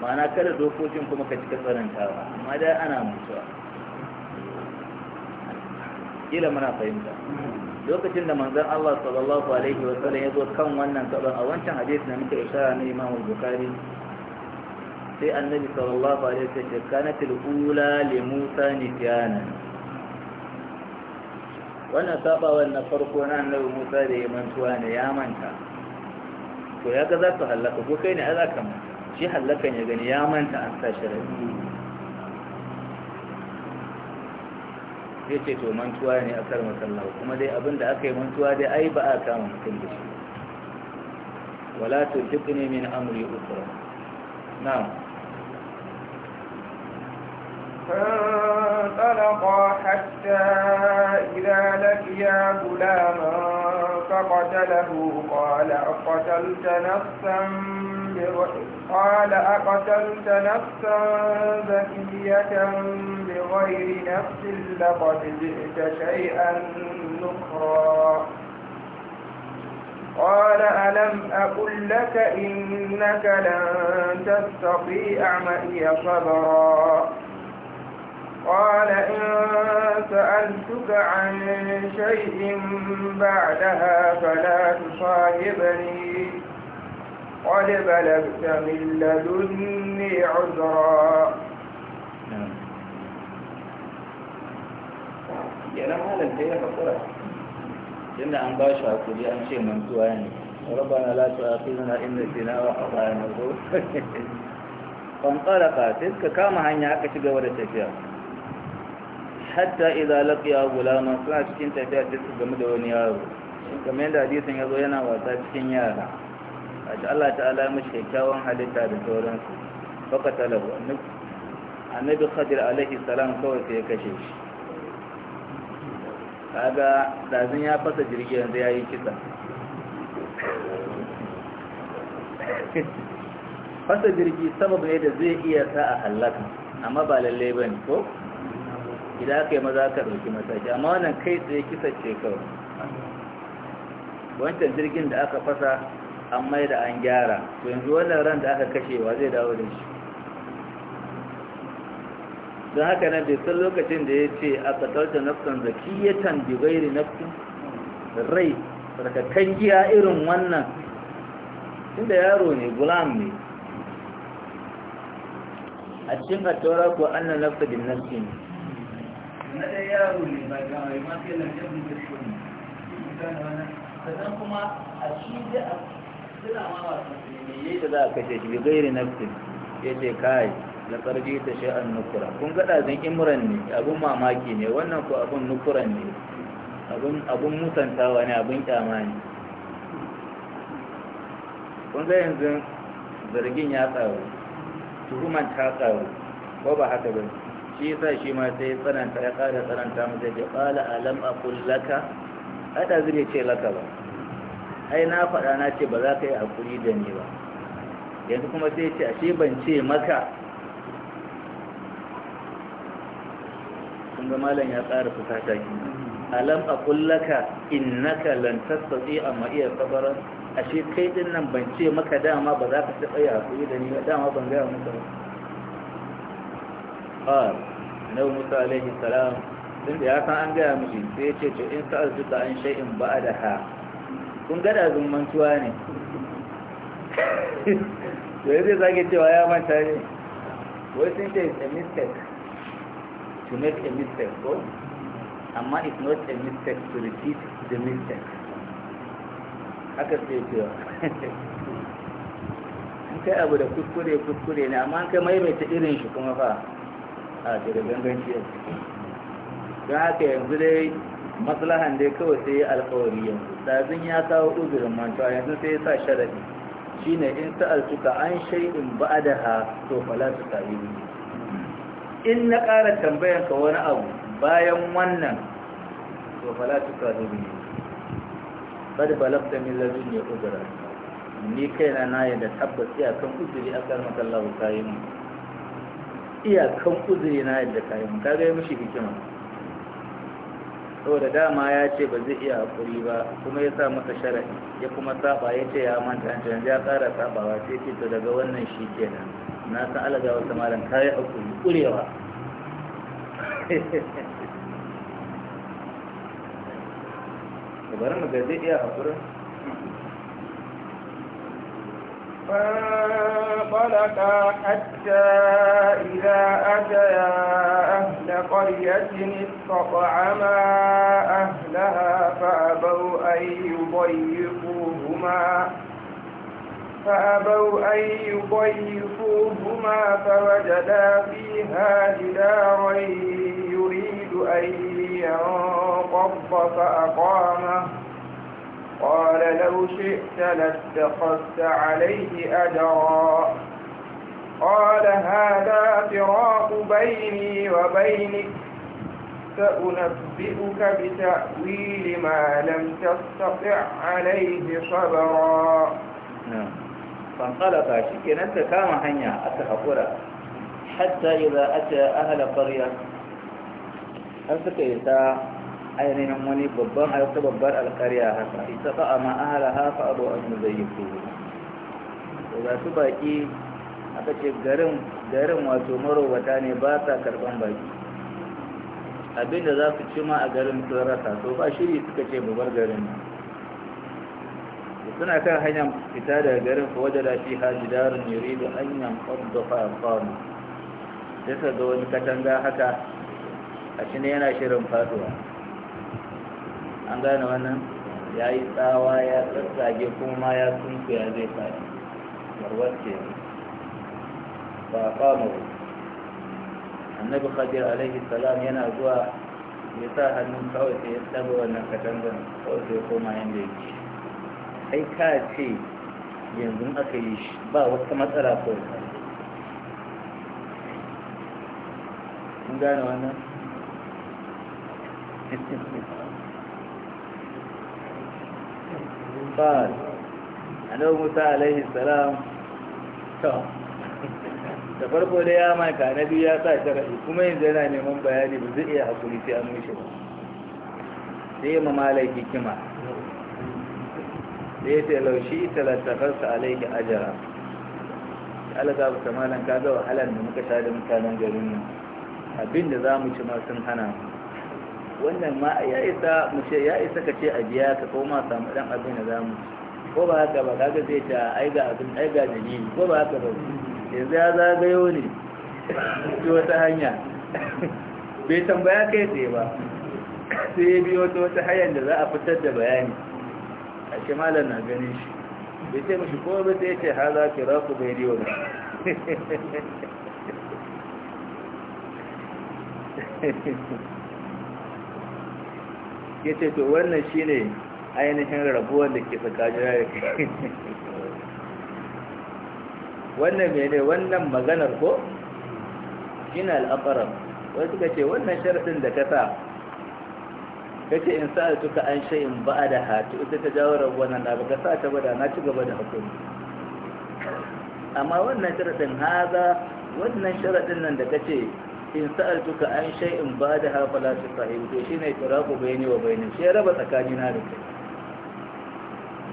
ma'ana kada dokokin kuma ka cika tsarantawa amma da ana mutuwa kila muna fahimta lokacin da manzon Allah sallallahu alaihi wa sallam ya zo kan wannan gaba a wancan hadisi na muka isara na Imam Bukhari sai annabi sallallahu alaihi wa sallam kanat al-ula li Musa nityana wannan sabawan na farko na annabi Musa da ya mantuwa ne ya manta to ya ga za su hallaka ko kai ne a zaka mu shi hallakan ya gani ya manta an sa shi rai ya ce to mantuwa ne a kar masallah kuma dai abinda aka yi mantuwa dai ai ba a kama mutum da shi wala tu tuqni min amri ukra na'am فانطلقا حتى إذا لقيا غلاما فقتله قال أقتلت نفسا قال أقتلت نفسا زكية بغير نفس لقد جئت شيئا نكرا قال ألم أقل لك إنك لن تستطيع معي صبرا قال إن سألتك عن شيء بعدها فلا تصاحبني قد بلغت من لدني عذرا kenan malam sai ya hakura tunda an ba shi hakuri an ce mantuwa ne ربنا لا تؤاخذنا إن نسينا وأخطأنا [LAUGHS] فانطلقا تلك كما هنيا ولا تفيها hatta idza laqiya gulama suna cikin tafiya da su game da wani yaro kamar yadda hadisin yazo yana wasa cikin yara ta Allah ta'ala ya mishi kyakkyawan halitta da sauransu baka talabu annabi khadir alaihi salam kawai sai ya kashe shi kaga dazin ya fasa jirgi yanzu ya yi kisa [LAUGHS] fasa jirgi sabab ne da zai iya sa a halaka amma ba lalle ba ne ko idan aka yi maza ka ɗauki mataki amma wannan kai tsaye kisa ce kawai wancan jirgin da aka fasa an mai da an gyara to yanzu wannan ran da aka kashewa zai dawo da shi don haka nan bai san lokacin da ya ce a katalta nafsan zakiyatan bi gairi nafsu rai tsarkakan giya irin wannan inda yaro ne gulam ne a cikin attaura ko annan nafsa bin ne na da yaro ne ba gama ya mafi lantar da shi ne sannan kuma a shi da a suna ma wasu ne yayi da za a kashe shi gairi nafsin ya ce kai na karji ta sha'an nukura kun gada zan imran ne abun mamaki ne wannan ko abun nukuran ne abun musantawa ne abun kyama ne kun ga yanzu zargin ya tsaro tuhuman ta tsaro ko ba haka ba ne shi sa shi ma sai tsananta ya ƙara tsananta mu sai ya qala alam aqul laka ada zai ce laka ba ai na faɗa na ce ba za ka yi hakuri da ni ba yanzu kuma sai ya ce ashe ban ce maka kun ga malam ya ƙara fusata ki alam aqul laka innaka lan tastati'a amma iya sabara ashe kai din nan ban ce maka dama ba za ka taɓa yi hakuri da ni ba dama ban gaya maka ba qal annabi Musa alaihi salam din da ya san an gaya mishi sai ya ce to in duka an shay'in ha. kun gada mantuwa ne [LAUGHS] to zai zaki cewa ya manta ne wai sun ce it's a mistake to make a mistake ko amma it's not a mistake to repeat the mistake haka sai cewa [LAUGHS] an kai abu da kuskure kuskure ne amma an kai maimaita irin shi kuma fa a daga gangan a ciki haka yanzu dai maslahan dai kawai sai alkawari yanzu zin ya kawo uzurin manta, yanzu sai ya sa sharaɗi ne in suka an shaidin da ha, to fala ne in na ƙara tambayan ka wani abu bayan wannan to fala tusawibi bad balagta min ya udra ni kai na na yadda tabbas ya kan uzuri akar makallahu mu iyakan uzuri na yadda kayan kaga ya mushi hikima saboda dama ya ce ba zai iya hakuri ba kuma ya sa masa sharaɗi ya kuma saba ya ce ya manta an can ya kara sabawa sai ce to daga wannan shi ke nan na san alaga wata malam ka yi hakuri ƙurewa [LAUGHS] bari mu ga zai iya hakurin فانطلقا حتى إذا أتيا أهل قرية استطعما أهلها فأبوا أن يضيقوهما فأبوا أن يضيقوهما فوجدا فيها جدارا يريد أن ينقض فأقامه قال لو شئت لاتخذت عليه أجرا قال هذا فراق بيني وبينك سأنبئك بتأويل ما لم تستطع عليه صبرا نعم. فانطلق شكرا أنت كام هنيا أتحقرا حتى إذا أتى أهل قرية أنت كيسا ainihin wani babban aiki babbar alkariya haka ita fa'a ma'ahala hafa abu an muzayyafi za su baki aka ce garin wato marowata ne ba sa karban baki abinda za su cima a garin sun rasa to ba shiri suka ce babbar garin suna kan hanyar fita daga garin wajen da shi darin yuri da hanyar ƙwaddafa a kwanu sai ga wani katanga haka a shi ne yana shirin faduwa an gane wannan ya yi tsawa ya tsatsage kuma ya sunku ya zai fara marwar ce ba a kama annabi khadir alaihi salam yana zuwa ya sa hannun kawai sai ya taba wannan katangar kawai sai koma yadda yake ai ka ce yanzu aka yi shi ba wata matsala kawai kun gane wannan [LAUGHS] قال أنه موسى عليه السلام da farko da ya maka na biyu ya sa shara'i kuma yanzu yana neman bayani ba zai iya hakuri sai an ba sai ya mamalai hikima da ya ce laushi talattakarsa alaiki ajara alaga ba samanin ka ga wahalar da muka sha da mutanen garin abinda za mu ci ma sun hana wannan ma ya isa mu ce ya isa ka ce a biya ka ko ma samu dan abin da zamu ko ba haka ba kaga zai ta ai ga abin ai ga dalili ko ba haka ba yanzu ya zagayo ne ta wata hanya bai tambaya kai tsaye ba sai ya biyo ta wata hanyar da za a fitar da bayani a shimalar na ganin shi bai ce mashi ko ba sai ce ha za ki bai riyo Thank [LAUGHS] you. ya ce to wannan shi ne ainihin rabuwan da ke tsakanin da kai wannan mene wannan maganar ko ina na al'afarar wasu suka ce wannan sharafin da ka sa ka ce in sa tuka an shayin ba da hatu ita ta jawo rabuwan nan da ba ka sa ta bada na ci gaba da hakuri amma wannan sharafin haza wannan sharafin nan da ka ce in sa'altuka an shay'in ba da hafa la sahihu to shine tiraku bayani wa bayani shi ya raba tsakani na da kai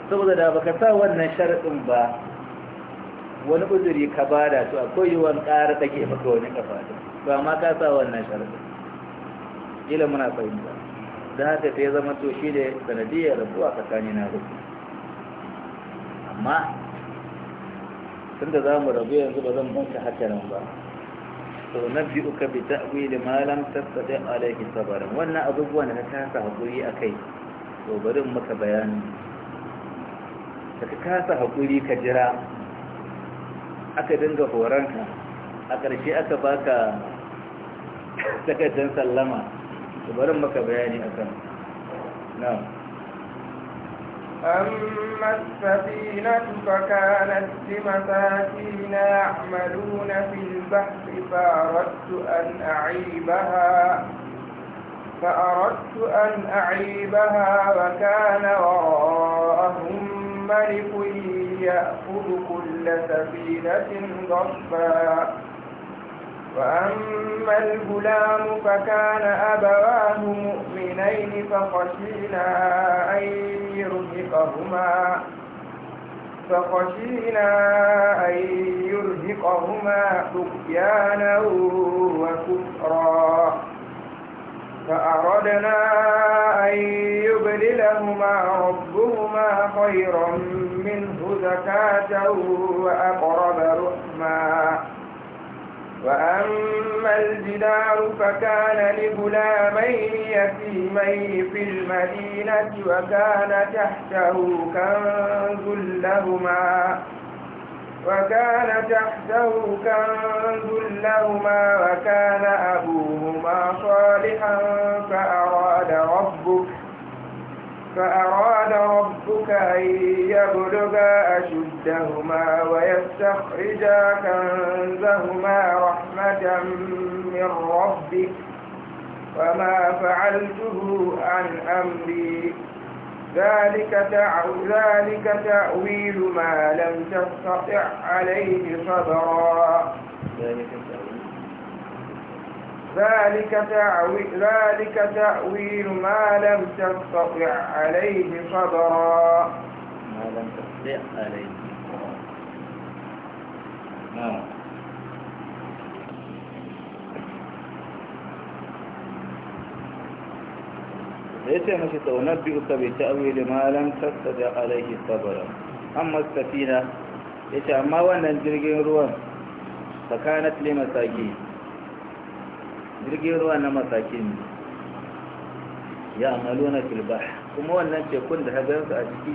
saboda da baka sa wannan sharadin ba wani uzuri ka bada to akwai yiwuwar ƙara take maka wani kafa to amma ka sa wannan sharadin ila muna fahimta da haka sai zama to shi ne sanadiyar rabuwa tsakani na da amma tunda za mu rabu yanzu ba zan banka hakanan ba to nabi uka bi ta'wili ma lam tastati alayhi sabarin wannan abubuwan da ta kasa hakuri akai to bari in maka bayani da ka kasa hakuri ka jira aka dinga horanka a ƙarshe aka baka takardar sallama to bari in maka bayani akan na'am أما السفينة فكانت لمساكين يعملون في البحر فأردت أن أعيبها فأردت أن أعيبها وكان وراءهم ملك يأخذ كل سفينة غصبا وأما الغلام فكان أبواه مؤمنين فخشينا أن يرهقهما فخشينا أن يرهقهما طغيانا وكفرا فأردنا أن يبدلهما ربهما خيرا منه زكاة وأقرب رحما وأما الجدار فكان لغلامين يتيمين في المدينة وكان تحته كنز لهما وكان تحته كنز لهما وكان أبوهما صالحا فأراد ربك فأراد ربك أن يبلغا أشدهما ويستخرجا كنزهما رحمة من ربك وما فعلته عن أمري ذلك ذلك تأويل ما لم تستطع عليه صبرا ذلك تأويل ذلك تأويل, ذلك تأويل ما لم تستطع عليه صبرا ما لم تستطع عليه نعم ليس مشي تنبئك بتأويل ما لم تستطع عليه صبرا أما السفينة ليس أما وأن الجرجين روان فكانت لمساكين jirgin ruwa na masaki ne ya amalu na filba kuma wannan tekun da hagansu a ciki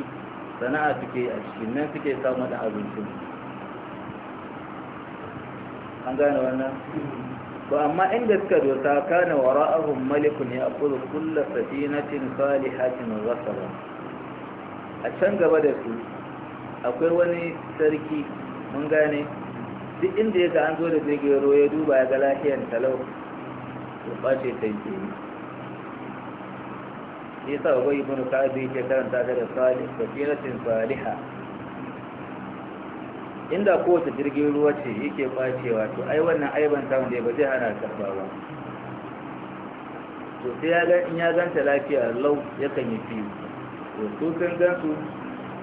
sana'a suke a cikin nan suke samu da abincin an gane wannan Ba amma inda suka dosa wa ra'ahun malikun ya aqulu kullu safinatin salihatin ba a can gaba da su akwai wani sarki mun gane duk inda ya ga an zo da jirgin ruwa ya duba ya ga lafiyan talau to ɓace ta ke yi shi sa wa bai bunu ka'abi ke karanta ta da salih basiratin saliha inda kowace jirgin ruwa ce yake ɓacewa to ai wannan aiban samun da ba zai hana karɓa ba to sai in ya ganta lafiya lau yakan yi fi to su sun gansu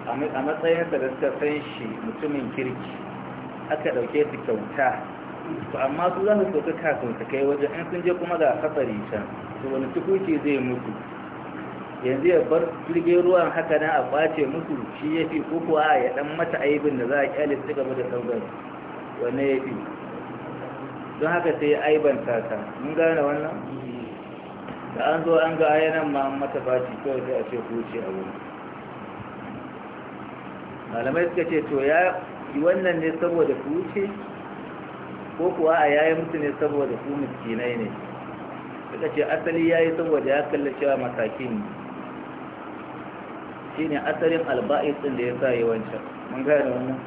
a matsayinsa da suka san shi mutumin kirki aka ɗauke su kyauta to amma su za su soka kafin su kai wajen in sun je kuma ga hatsari can to wani tukuki zai mutu yanzu ya bar jirgin ruwan haka nan a kwace musu shi ya fi kukuwa ya dan mata aibin da za a kyale su gaba da sauran wanne ya fi don haka sai aiban tata mun gane wannan da an zo an ga ayanan ma mata baci kawai sai a ce kuce a wuri malamai suka ce to ya yi wannan ne saboda kuce ko kuwa a yayi mutu ne saboda su miskinai ne suka ce asali ya yi saboda ya kalli cewa matakin shi ne asalin alba'is da ya sa yi wancan mun gane wannan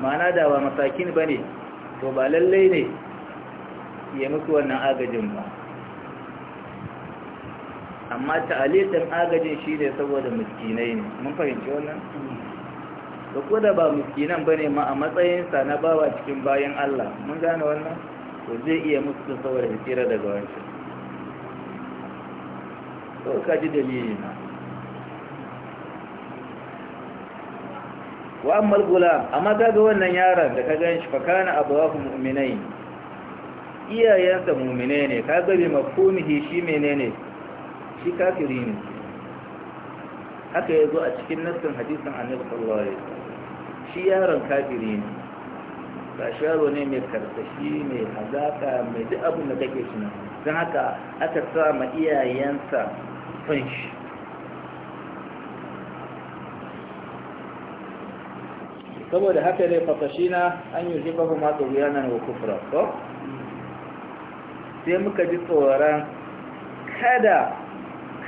ma'ana da ba matakin ba ne to ba lallai ne ya mutu wannan agajin ba amma ta'alitin agajin shi ne saboda miskinai ne mun fahimci wannan da ko da ba miskinan bane ma a matsayinsa na bawa cikin bayan Allah mun gane wannan to zai iya musu saboda tsira daga wancan to ka ji dalili na wa amma gula amma kaga wannan yaron da ka ganshi fa kana abawahu mu'minai iyayensa mu'minai ne ka bi mafhumihi shi menene shi kafiri ne haka yazo a cikin nassin hadisin annabi sallallahu alaihi wasallam shi yaron kafiri ne ba shi yaro ne mai karsashi mai hazaka mai duk abin da kake shi don haka aka sa ma iyayensa son shi saboda haka dai na an yi jiba kuma tsohuyanan wa kufra ko sai muka ji tsoron kada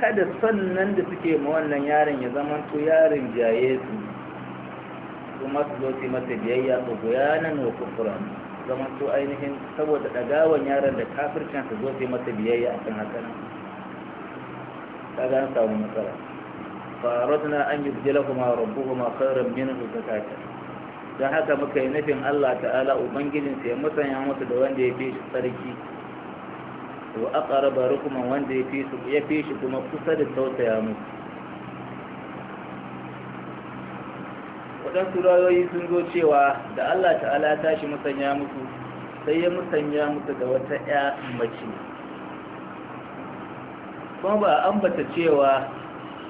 kada sannan da suke ma wannan yaron ya zama to yaron jaye su kuma su zo su masa biyayya ko goyanan wa kufura zaman su ainihin saboda ɗagawan yaran da kafircin su zo su masa biyayya a kan haka kaga an samu matsala fa aradna an yubdilahuma rabbuhuma khairan minhu zakatan dan haka muka yi nufin Allah ta'ala ubangijin sai musanya musu da wanda ya fi shi tsarki wa aqraba rukuman wanda ya fi shi kuma kusa da tausaya musu waɗansu rayoyi sun zo cewa da Allah ta'ala ya tashi musanya musu sai ya musanya musu da wata ya mace kuma ba ambata cewa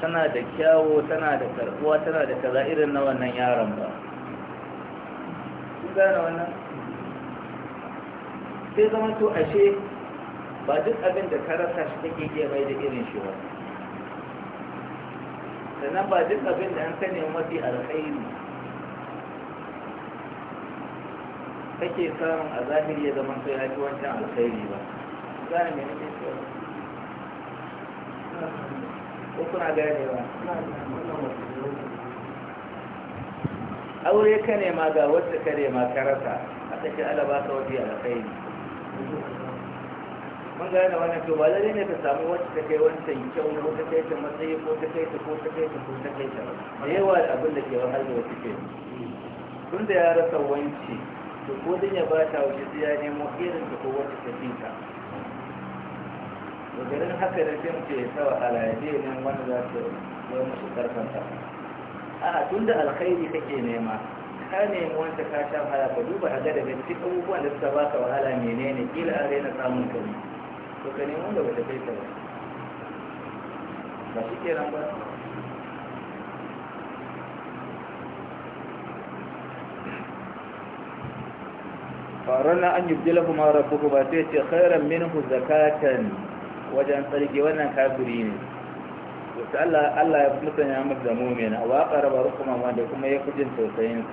tana da kyawo tana da karbuwa tana da kaza irin na wannan yaron ba gane wannan sai zama to ashe ba duk abin da ka rasa shi kake iya bai da irin shi ba sannan ba duk abin da an sani mafi alkhairi kake samun a zahiri ya zama sai haifi wancan alkhairi ba gane me nake cewa ko kuna gane ba aure ka nema ga wacce ka nema ka rasa a take ala ba ka wafi alkhairi mun gane wannan to ba lalle ne ka samu wacce ta kai wancan kyau ko ta kai ta matsayi ko ta kai ta ko ta kai ta ko ta kai ta da yawa abin da ke wahalar da wata ke tun da ya rasa wanci to ko ya ba ta wuce ya nemo irin ta ko ta tinka to garin haka da fim ce ya sawa alaje nan wani za su yi musu karfanta a tun da alkhairi kake nema ka nemi wanda ka sha wahala ka duba a gada da duk abubuwan da suka baka wahala menene kila an raina samun ka ne to ka nemi wanda bata kai ta ba ba shi kenan ba farana an yubdila kuma rabbuku ba sai ce khairan minhu zakatan wajen tsarki wannan kafiri ne wasu Allah Allah ya ya masa da mu'mina wa qaraba rukuma da kuma ya kujin tausayin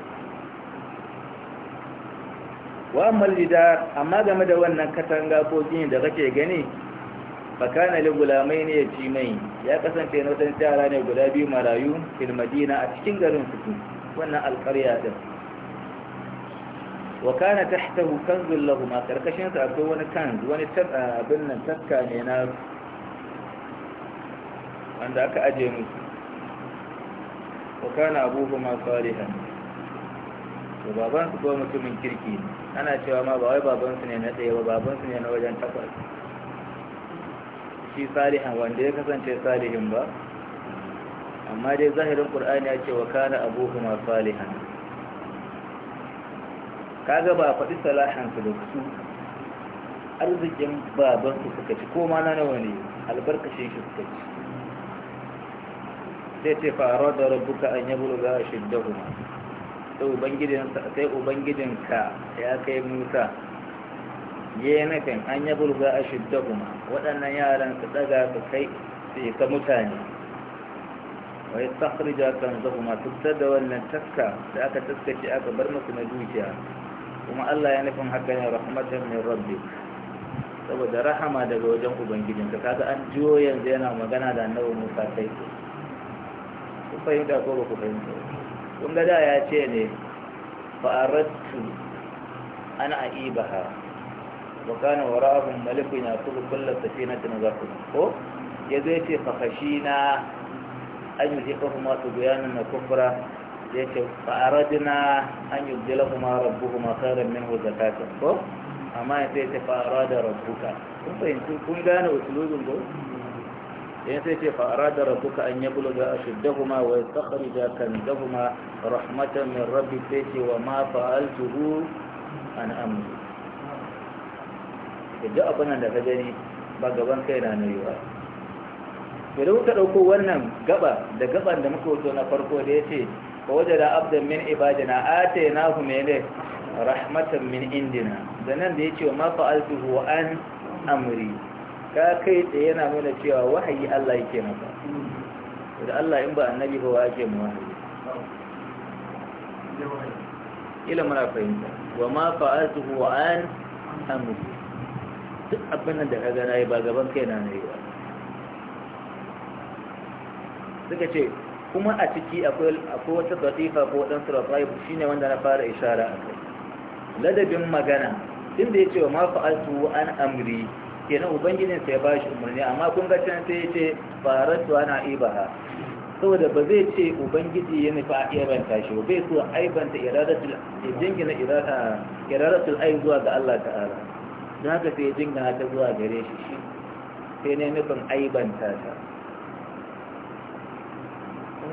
wa ammal jidar amma game da wannan katanga ko gini da kake gani bakana li gulamai ne ya ci mai ya kasance na wadansu yara ne guda biyu marayu fil madina a cikin garin su wannan alƙarya din wa kana tahtahu kanzun lahum karkashin sa akwai wani kanz wani tsada abin nan taska ne na wanda aka aje musu wa kana abuhuma salihan to baban su ko mutumin kirki ne ana cewa ma ba wai baban su ne na ɗaya ba baban su ne na wajen takwas shi salihan wanda ya kasance salihin ba amma dai zahirin qur'ani ya ce wa kana abuhuma salihan kaga ba faɗi salahansu da su arzikin baban su suka ci ko ma na nawa ne albarkashin shi suka ci sai ce faro da rabuka an yi bulga a kuma sai ubangidinka ya kai musa ya yi nufin an yi bulga a kuma, waɗannan yaran su ɗaga su kai su ta mutane wai sakhrija kan zahuma tuttar da wannan taska da aka taskace aka bar musu na dukiya kuma Allah ya nufin haka ne rahmatan min rabbi saboda rahama daga wajen ubangijin ka kaga an jiyo yanzu yana magana da annabi Musa kai ku fahimta ko ba ku fahimta kun ga da ya ce ne fa'arattu ana aibaha wa kana wara'ahum malikun yaqulu kullu safinatin ghasib ko yazo yace fa khashina an yuziqahum ma bayanan na kufra yake ce fa'aradina an yi jila kuma rabu kuma karin min hujjata ko amma ya ce fa'ara da rabuka kun fahimci kun gane usulun ko ya sai ce fa'ara da rabuka an ya buluga a kuma wa ya tsakari da kan dahuma rahmatan min rabbi sai ce wa ma fa'altuhu an amri idan abin da ka gani ba gaban kai na nuyuwa to da kuka ɗauko wannan gaba da gaban da muka wuce na farko da ya ce ووجد عبدا من عبادنا na ميله رحمة rahmatan عندنا indina. da ya ce ma fa'altuhu wa an amri ka kai tsaye yana nuna cewa wahayi Allah yake maka da Allah in ba annabi ba wa ake mu wahayi ila muna fahimta wa ma fa'altuhu wa an amri duk abin da ka na yi ba gaban kai na na yi ba suka ce kuma a ciki akwai wata tsatifa ko dan suratai shine wanda na fara ishara a kai ladabin magana inda yace wa ma fa'altu an amri kenan ubangijin sai ya bashi umarni amma kun ga can sai yace faratu ana ibaha saboda ba zai ce ubangiji ya nufi a banta shi ba bai so aibanta iradatul jingina iradatul ai zuwa ga Allah ta'ala don haka sai jingina ta zuwa gare shi sai ne nufin aibanta ta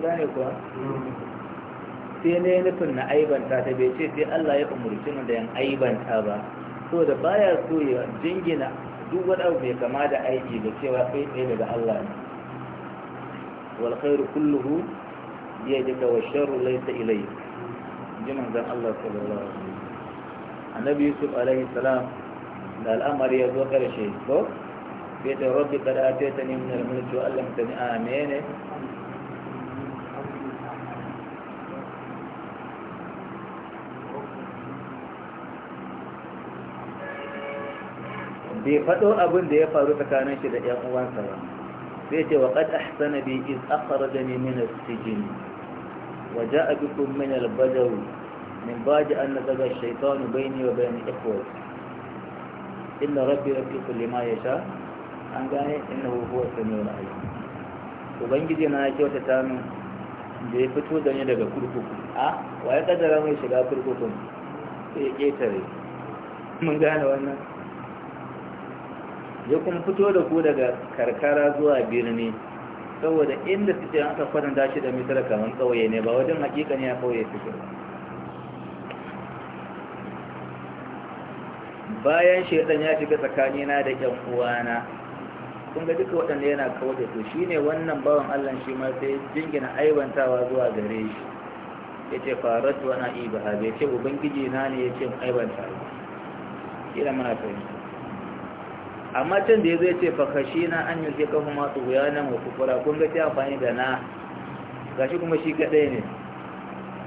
gane kuwa sai ne nufin na aibanta ta bai ce sai Allah ya umurci mu da yan aibanta ba so da baya so ya jingina duk wani abu mai kama da aiki da cewa kai tsaye daga Allah ne wal khairu kulluhu bi yadika wa sharru laysa ilayk jinan zan Allah sallallahu alaihi wasallam annabi Yusuf alaihi salam da al'amari ya zo karshe ko sai ta rabbi qad ataytani min al-mulki wa allamtani amene bai faɗo abin da ya faru tsakanin shi da ‘yan uwansa ba zai ce wa ƙad ahsana bi iz akhrajani min as-sijn wa ja'a bikum min al-badaw min ba'di an nazaga ash shaytan bayni wa bayni ikhwati inna rabbi rafiqu lima yasha an gane innahu huwa as al 'alim ubangiji na ya kyauta ta min da ya fito da ni daga kurkuku a wa ya kaddara mai shiga kurkukun sai ya ketare mun gane wannan ya kuma fito da ku daga karkara zuwa birni saboda inda suke aka da shi da misar kamar ƙauye ne ba wajen hakika ne a kawai suke bayan shaidan ya shiga tsakanina da yan uwana sun ga duka waɗanda yana kawai da su shine wannan bawan Allah shi ma sai jingina aibantawa zuwa gare shi ce faratu na ibaha bai ce ubangiji na ne ya ce aibantawa kila muna fahimta amma can da ya zai ce fakashi na an yanke kafa masu wuya nan wa kufura kun ga amfani da na gashi kuma shi kaɗai ne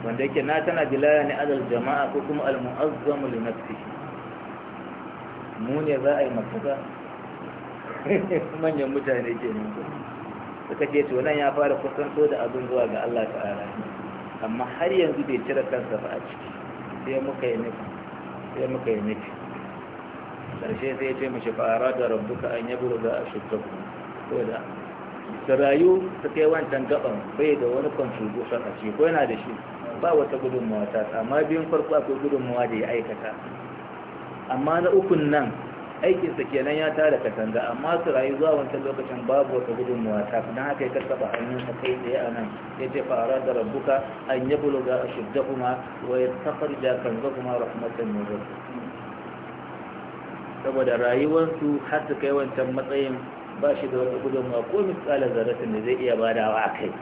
wanda yake na tana bilaya ne adal jama'a ko kuma al-mu'azzamu li nafsi mu ne za a yi makaza [LAUGHS] manyan mutane ke nan suka ce to nan ya fara kusanto da abin zuwa ga Allah ta'ala amma har yanzu bai cire kansa ba a ciki sai muka yi nufi sai muka yi nufi ƙarshe sai ya ce mashi fara da rabbuka an yabo da a shukkaku ko da su rayu ta kai wancan gaban bai da wani contribution a ciki ko yana da shi ba wata gudunmawa ta amma biyun farko akwai gudunmawa da ya aikata amma na ukun nan aikinsa kenan ya tara katanga amma su rayu zuwa wancan lokacin babu wata gudunmawa ta don haka ya hannun hannunsa kai tsaye a nan ya ce fara da rabbuka an yi buluga a shidda kuma wa ya tafar da kan kuma rahmatan nuzar saboda rayuwarsu har su kai wancan matsayin ba shi da wata gudunmawa ko misalar zarafin da zai iya badawa a kai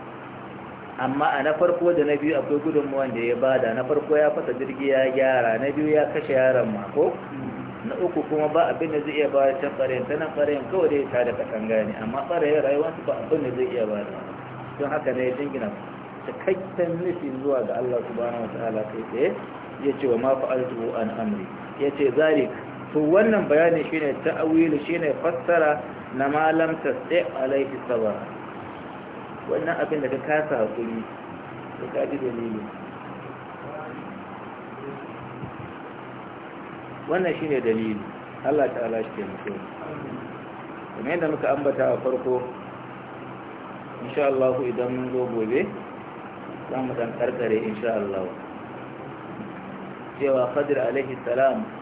amma a na farko da na biyu akwai gudunmawan da ya bada na farko ya fasa jirgi ya gyara na biyu ya kashe yaron mako na uku kuma ba abin da zai iya bada can ɓarayin ta nan ɓarayin kawai dai ta da kasan ne amma ɓarayin rayuwarsu ba abin da zai iya bada don haka ne ya jingina cikakken nufin zuwa ga Allah subhanahu wa ta'ala kai tsaye ya ce wa ma fa'altu an amri ya ce zalik to wannan bayani shine ta'awilu shine fassara na malam tasdi alaihi sabar wannan abin da ka kasa hakuri to ka ji dalili wannan shine dalili Allah ta'ala shi ke mutu kuma yadda muka ambata a farko insha Allah idan mun zo gobe za mu dan karkare insha Allah cewa Khadir alaihi salam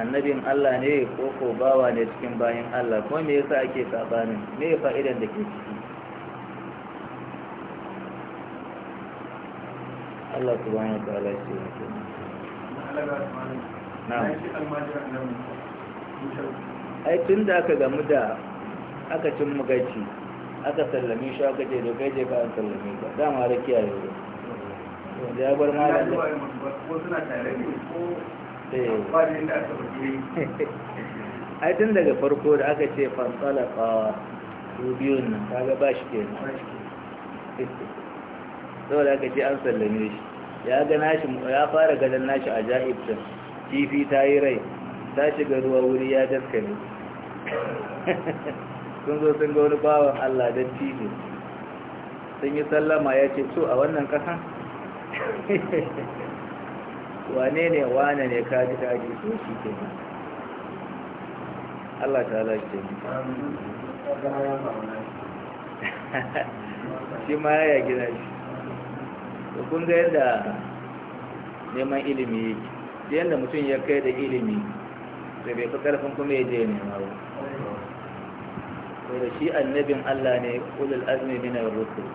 annabin Allah ne ko ko bawa ne cikin bayan Allah ko me yasa ake sabanin me fa'idan da ke ciki Allah subhanahu wa ta'ala shi ne na'am ai tun da aka gamu da aka cin mugaci aka sallame shi aka je da kai je ka an sallame ka dama rakiya kiyaye wanda ya bar malam ko suna tare ne ko Eh. ai tun daga farko da aka ce fansala kawa su biyun nan kaga ba shi ke nan da aka ce an sallame shi ya ga nashi ya fara gadon nashi a ja'ibtin kifi ta yi rai ta shiga ruwa wuri ya daskane [LAUGHS] sun zo sun ga wani bawan Allah don tifi sun yi sallama ya ce "So a wannan kasan [LAUGHS] wane ne wane ne ka ji daji to shi ke Allah ta ne [LAUGHS] shi ma ya gina shi to kun ga yadda neman ilimi yake yadda mutum ya kai da ilimi da bai fi karfin kuma ya je nema ba to da shi annabin Allah ne ulul azmi min ar-rusul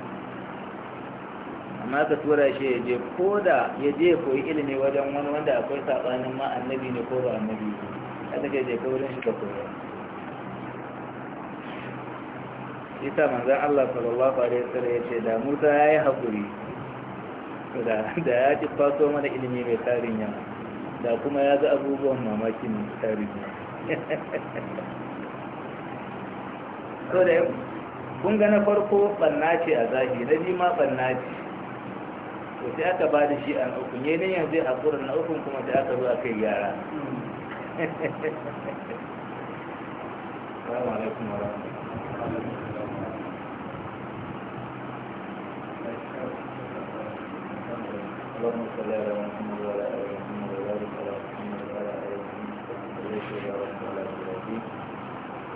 amma ka tura shi ya je ko da ya je koyi ilimi wajen wani wanda akwai saɓanin ma annabi ne ko ba annabi ne ke je ko wurin shi ka koya shi ta manzan Allah sallallahu alaihi wasallam ya ce da Musa ya yi haƙuri da ya ci faso mana ilimi mai tarin yawa da kuma ya ga abubuwan mamaki mai tarin yawa [LAUGHS] so da kun ga na farko ɓanna ce a zahi na biyu ma ɓanna ce to aka ba da shi an uku ne ne yanzu a kuran na kuma sai aka zo a kai yara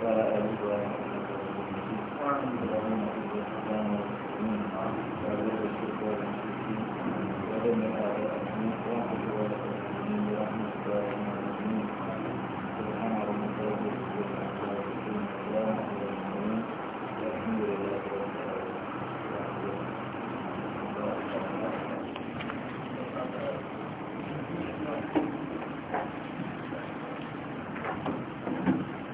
Assalamu alaikum